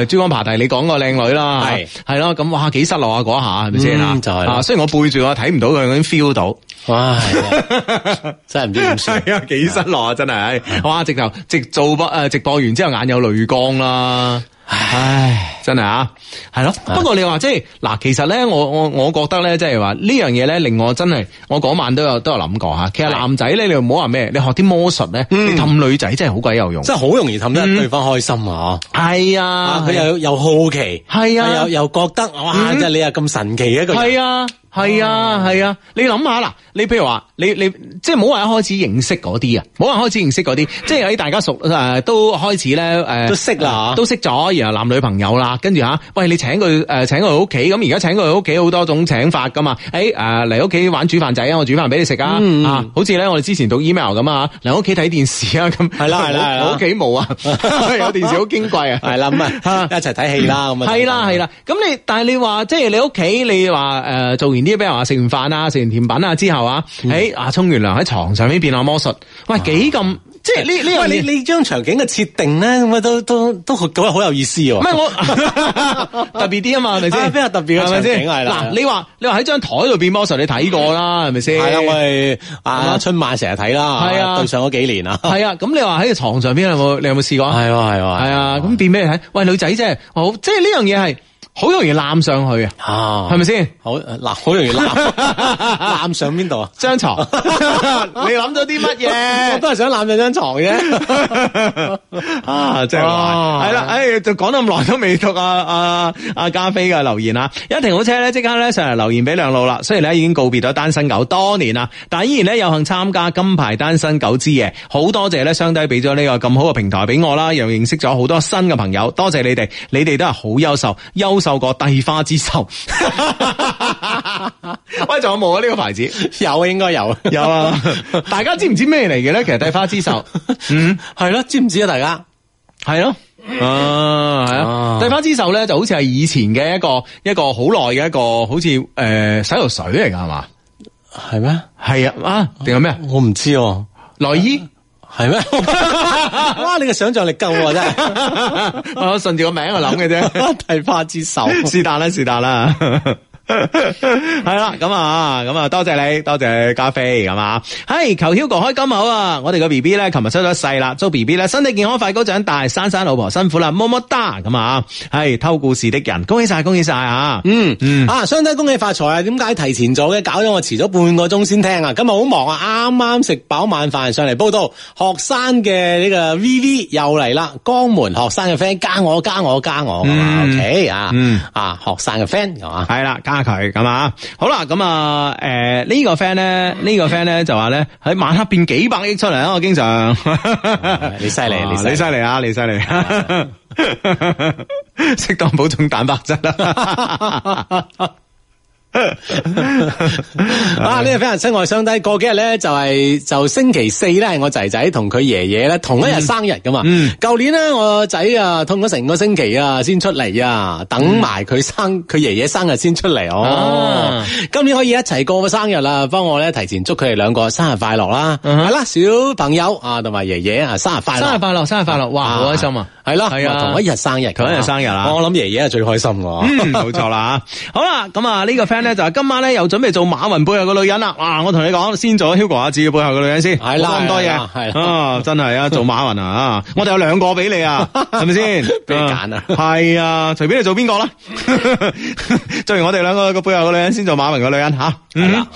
誒珠江琶堤你講個靚女啦，係係咯，咁哇幾失落啊嗰下係咪先啊？就係啊，雖然我背住我睇唔到佢，已經 feel 到，哇， 真係唔知點算，幾失落啊，真係，哇，直頭直做播誒直播完之後眼有淚光啦。唉,唉，真係啊，係咯。不過你話、啊、即係嗱，其實咧，我我我覺得咧，即係話呢樣嘢咧，令我真係，我嗰晚都有都有諗過吓。其實男仔咧，你唔好話咩，你學啲魔術咧、嗯，你氹女仔真係好鬼有用，即係好容易氹得對方開心啊！係、嗯、啊，佢、哎、又又好奇，係啊，又又覺得哇，係、嗯、你又咁神奇嘅一個人啊。係啊係啊，你諗下啦，你譬如話你你即係唔好話一開始認識嗰啲啊，唔好話開始認識嗰啲， 即係喺大家熟誒、呃、都開始咧誒都識啦，都識咗、呃，然後男女朋友啦，跟住吓，喂你請佢誒、呃、請佢屋企，咁而家請佢屋企好多種請法噶嘛，誒嚟屋企玩煮飯仔啊，我煮飯俾你食、嗯、啊，好似咧我哋之前讀 email 咁啊，嚟屋企睇電視啊，咁係啦係啦，我屋企冇啊，有， 有電視好矜貴啊，係啦咁啊，一齊睇戲啦咁啊，係啦係啦，咁、嗯嗯、你但係你話即係你屋企你話誒、呃、做。啲，比如話食完飯啊，食完甜品啊之後、哎、啊，誒啊沖完涼喺床上邊變下魔術，喂幾咁即係呢呢樣你張場景嘅設定咧，咁啊都都都覺得好有意思喎、啊。唔係我 特別啲啊嘛，係咪先比較特別嘅場景係啦、啊。你話你話喺張台度變魔術，你睇過啦，係咪先？係啦、啊，喂，啊春晚成日睇啦，對上嗰幾年啊。係啊，咁你話喺床上邊有冇？你有冇試過？係啊係啊。係啊，咁變咩？睇喂女仔啫，好即係呢樣嘢係。好容易攬上去啊，係咪先？好嗱，好容易攬攬上邊度啊？張床，你諗咗啲乜嘢？我都係想攬上張床嘅。啊，啊 啊 啊真係壞，係、啊、啦，唉、哎，就講咗咁耐都未讀啊阿啊！加菲嘅留言啊，一停好車咧，即刻咧上嚟留言俾兩老啦。雖然咧已經告別咗單身狗多年啦，但依然咧有幸參加金牌單身狗之夜，很給了這個這麼好多謝咧雙低俾咗呢個咁好嘅平台俾我啦，又認識咗好多新嘅朋友，多謝你哋，你哋都係好優秀優。受過帝花之秀， 喂，仲有冇啊？呢、這個牌子有啊，應該有，有啊！ 大家知唔知咩嚟嘅咧？其實帝花之秀， 嗯，係咯，知唔知啊？大家係咯，啊，係啊！帝花之秀咧就好似係以前嘅一個一個好耐嘅一個好似誒、呃、洗頭水嚟噶，係嘛？係咩？係啊啊？定係咩？我唔知喎、啊！內衣。係咩？哇、 啊！你嘅想像力夠喎、啊、真係， 我順住個名我諗嘅啫， 提花之手是但啦，是但啦。 係 啦， 咁啊，咁啊，多謝你，多謝加菲，咁啊，係求 Hugo 開金口啊！我哋個 B B 呢，琴日出咗世啦，祝 B B 呢身體健康，快高，高長大，生晒老婆辛苦啦，麼麼噠，咁啊，係偷故事的人，恭喜晒、啊，恭喜晒啊！嗯，嗯啊，雙親恭喜發財啊！點解提前咗嘅？搞咗我遲咗半個鐘先聽啊！今日好忙啊，啱啱食飽晚飯上嚟報道。學生嘅呢個 V V 又嚟啦，江門學生嘅 friend 加我加我加我，加我、嗯、，OK 啊？嗯啊，學生嘅 friend 係嘛？係啦，加佢咁啊，好啦，咁、嗯、啊，誒、呢個，呢個、fan 呢個 friend 咧，呢個 friend 咧就話咧喺晚黑變幾百億出嚟啊！我經常，你犀利，你犀利啊，你犀利，適、啊啊啊、 當補充蛋白質啦。 啊！呢、這個非常親愛相低，過幾日咧就係、是、就星期四咧，我仔仔同佢爺爺咧同一日生日噶嘛。嗯，舊、嗯、年咧我仔啊痛咗成個星期啊先出嚟啊，等埋佢生佢爺爺生日先出嚟哦、啊。今年可以一齊過個生日啦、啊，幫我咧提前祝佢哋兩個生日快樂啦、啊。係、嗯、啦，小朋友啊同埋爺爺啊生日快樂，生日快樂，生日快樂、啊，哇，好開心啊！係啦，係啊，同一日生日，啊、同一日生日啦、啊啊。我諗爺爺係最開心噶、啊。冇 錯、嗯、啦。好啦，咁啊呢個就係今晚咧又準備做馬雲背後嘅女人啦，哇！我同你講，先做 Hugo 阿智背後嘅女人先，係啦，咁多嘢，係啊，真係啊，做馬雲啊， 我哋有兩個俾你啊，係咪先？俾你揀啊，係啊，隨、啊、便你做邊個啦，做 完我哋兩個個背後嘅女人先做馬雲嘅女人吓，係啦，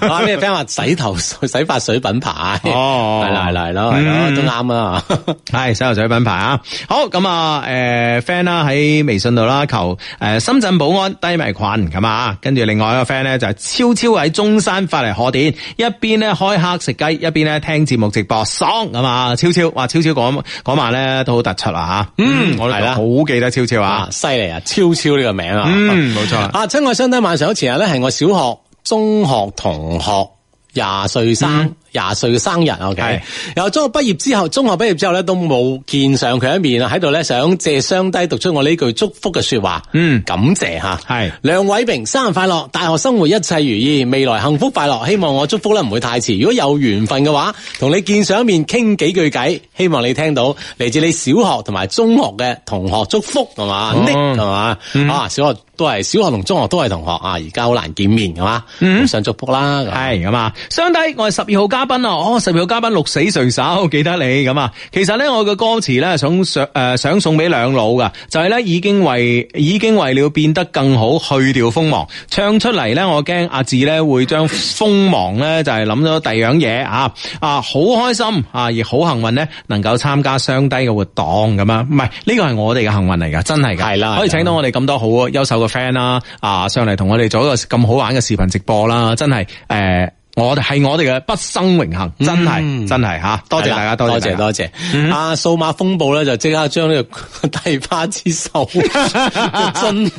啊，啲 friend 話洗頭洗髮水品牌，哦，係、哦、 啦係啦係咯、嗯、都啱啊，係、 哎、洗頭水品牌啊，好咁、呃、啊，誒，friend 啦喺微信度啦，求誒、呃、深圳保安低迷群，係嘛。跟住另外一個 friend 咧就係超超喺中山發嚟賀電，一邊咧開黑食雞，一邊咧聽節目直播，爽咁啊！超超，超，超，超，超，嗯、超超，哇，超超嗰嗰晚咧都好突出啦吓，嗯，係啦，好記得超超啊，犀利啊，超超呢個名啊，嗯，冇錯，啊，親愛兄弟晚上好，前日咧係我小學、中學同學廿歲生。嗯廿歲嘅生日，OK。然後中學畢業之後，中學畢業之後咧，都冇見上佢一面啊，喺度咧想借雙低讀出我呢句祝福嘅說話。嗯，感謝吓，係梁偉明，生日快樂！大學生活一切如意，未來幸福快樂。希望我祝福咧唔會太遲，如果有緣分嘅話，同你見上一面傾幾句偈，希望你聽到嚟自你小學同埋中學嘅同學祝福，係、哦、嘛，係、啊、嘛、嗯，啊，小學。都係小學同中學都係同學啊！而家好難見面係嘛？嗯，想祝福啦。係咁啊，雙低，我係十二號嘉賓啊！哦，十二號嘉賓鹿死誰手，記得你咁啊。其實咧，我嘅歌詞咧，想想誒、呃，想送俾兩老噶，就係咧已經為已經為了變得更好，去掉鋒芒唱出嚟咧。我驚阿志咧會將鋒芒咧就係諗咗第二樣嘢啊啊！好、啊、開心啊，而好幸運咧，能夠參加雙低嘅活動咁樣。唔係呢個係我哋嘅幸運嚟噶，真係噶，係啦，可以請到我哋咁多好優秀嘅。friend、啊、啦、呃嗯，啊，上嚟同我哋做一個咁好玩嘅視頻直播啦，真係，誒，我哋係我哋嘅畢生榮幸，真係，真係吓，多謝大家，多謝，多謝，多謝嗯、啊，數碼風暴咧就即刻將呢、這個帝花之手樽，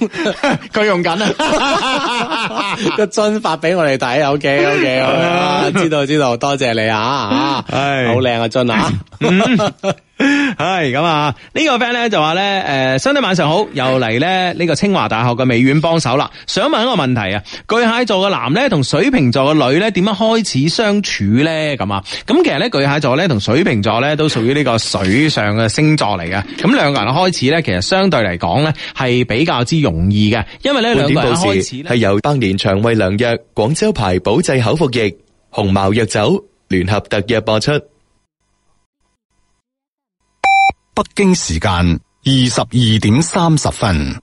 佢 一瓶 用緊緊啊，個 樽發俾我哋睇，ok，ok，ok，知道知道，多謝你啊，好靚啊樽啊。嗯 係 咁啊！呢、這個 friend 咧就話咧，誒、呃、s 晚上好，又嚟咧呢個清華大學嘅美院幫手啦。想問一個問題啊，巨蟹座嘅男咧同水瓶座嘅女咧，點樣開始相處咧？咁啊，咁其實咧，巨蟹座咧同水瓶座咧都屬於呢個水上嘅星座嚟嘅。咁兩個人開始咧，其實相對嚟講咧係比較之容易嘅，因為咧兩個人開始係由當年腸胃良藥廣州牌保濟口服液、鴻茅藥酒聯合特約播出。北京時間二十二點三十分。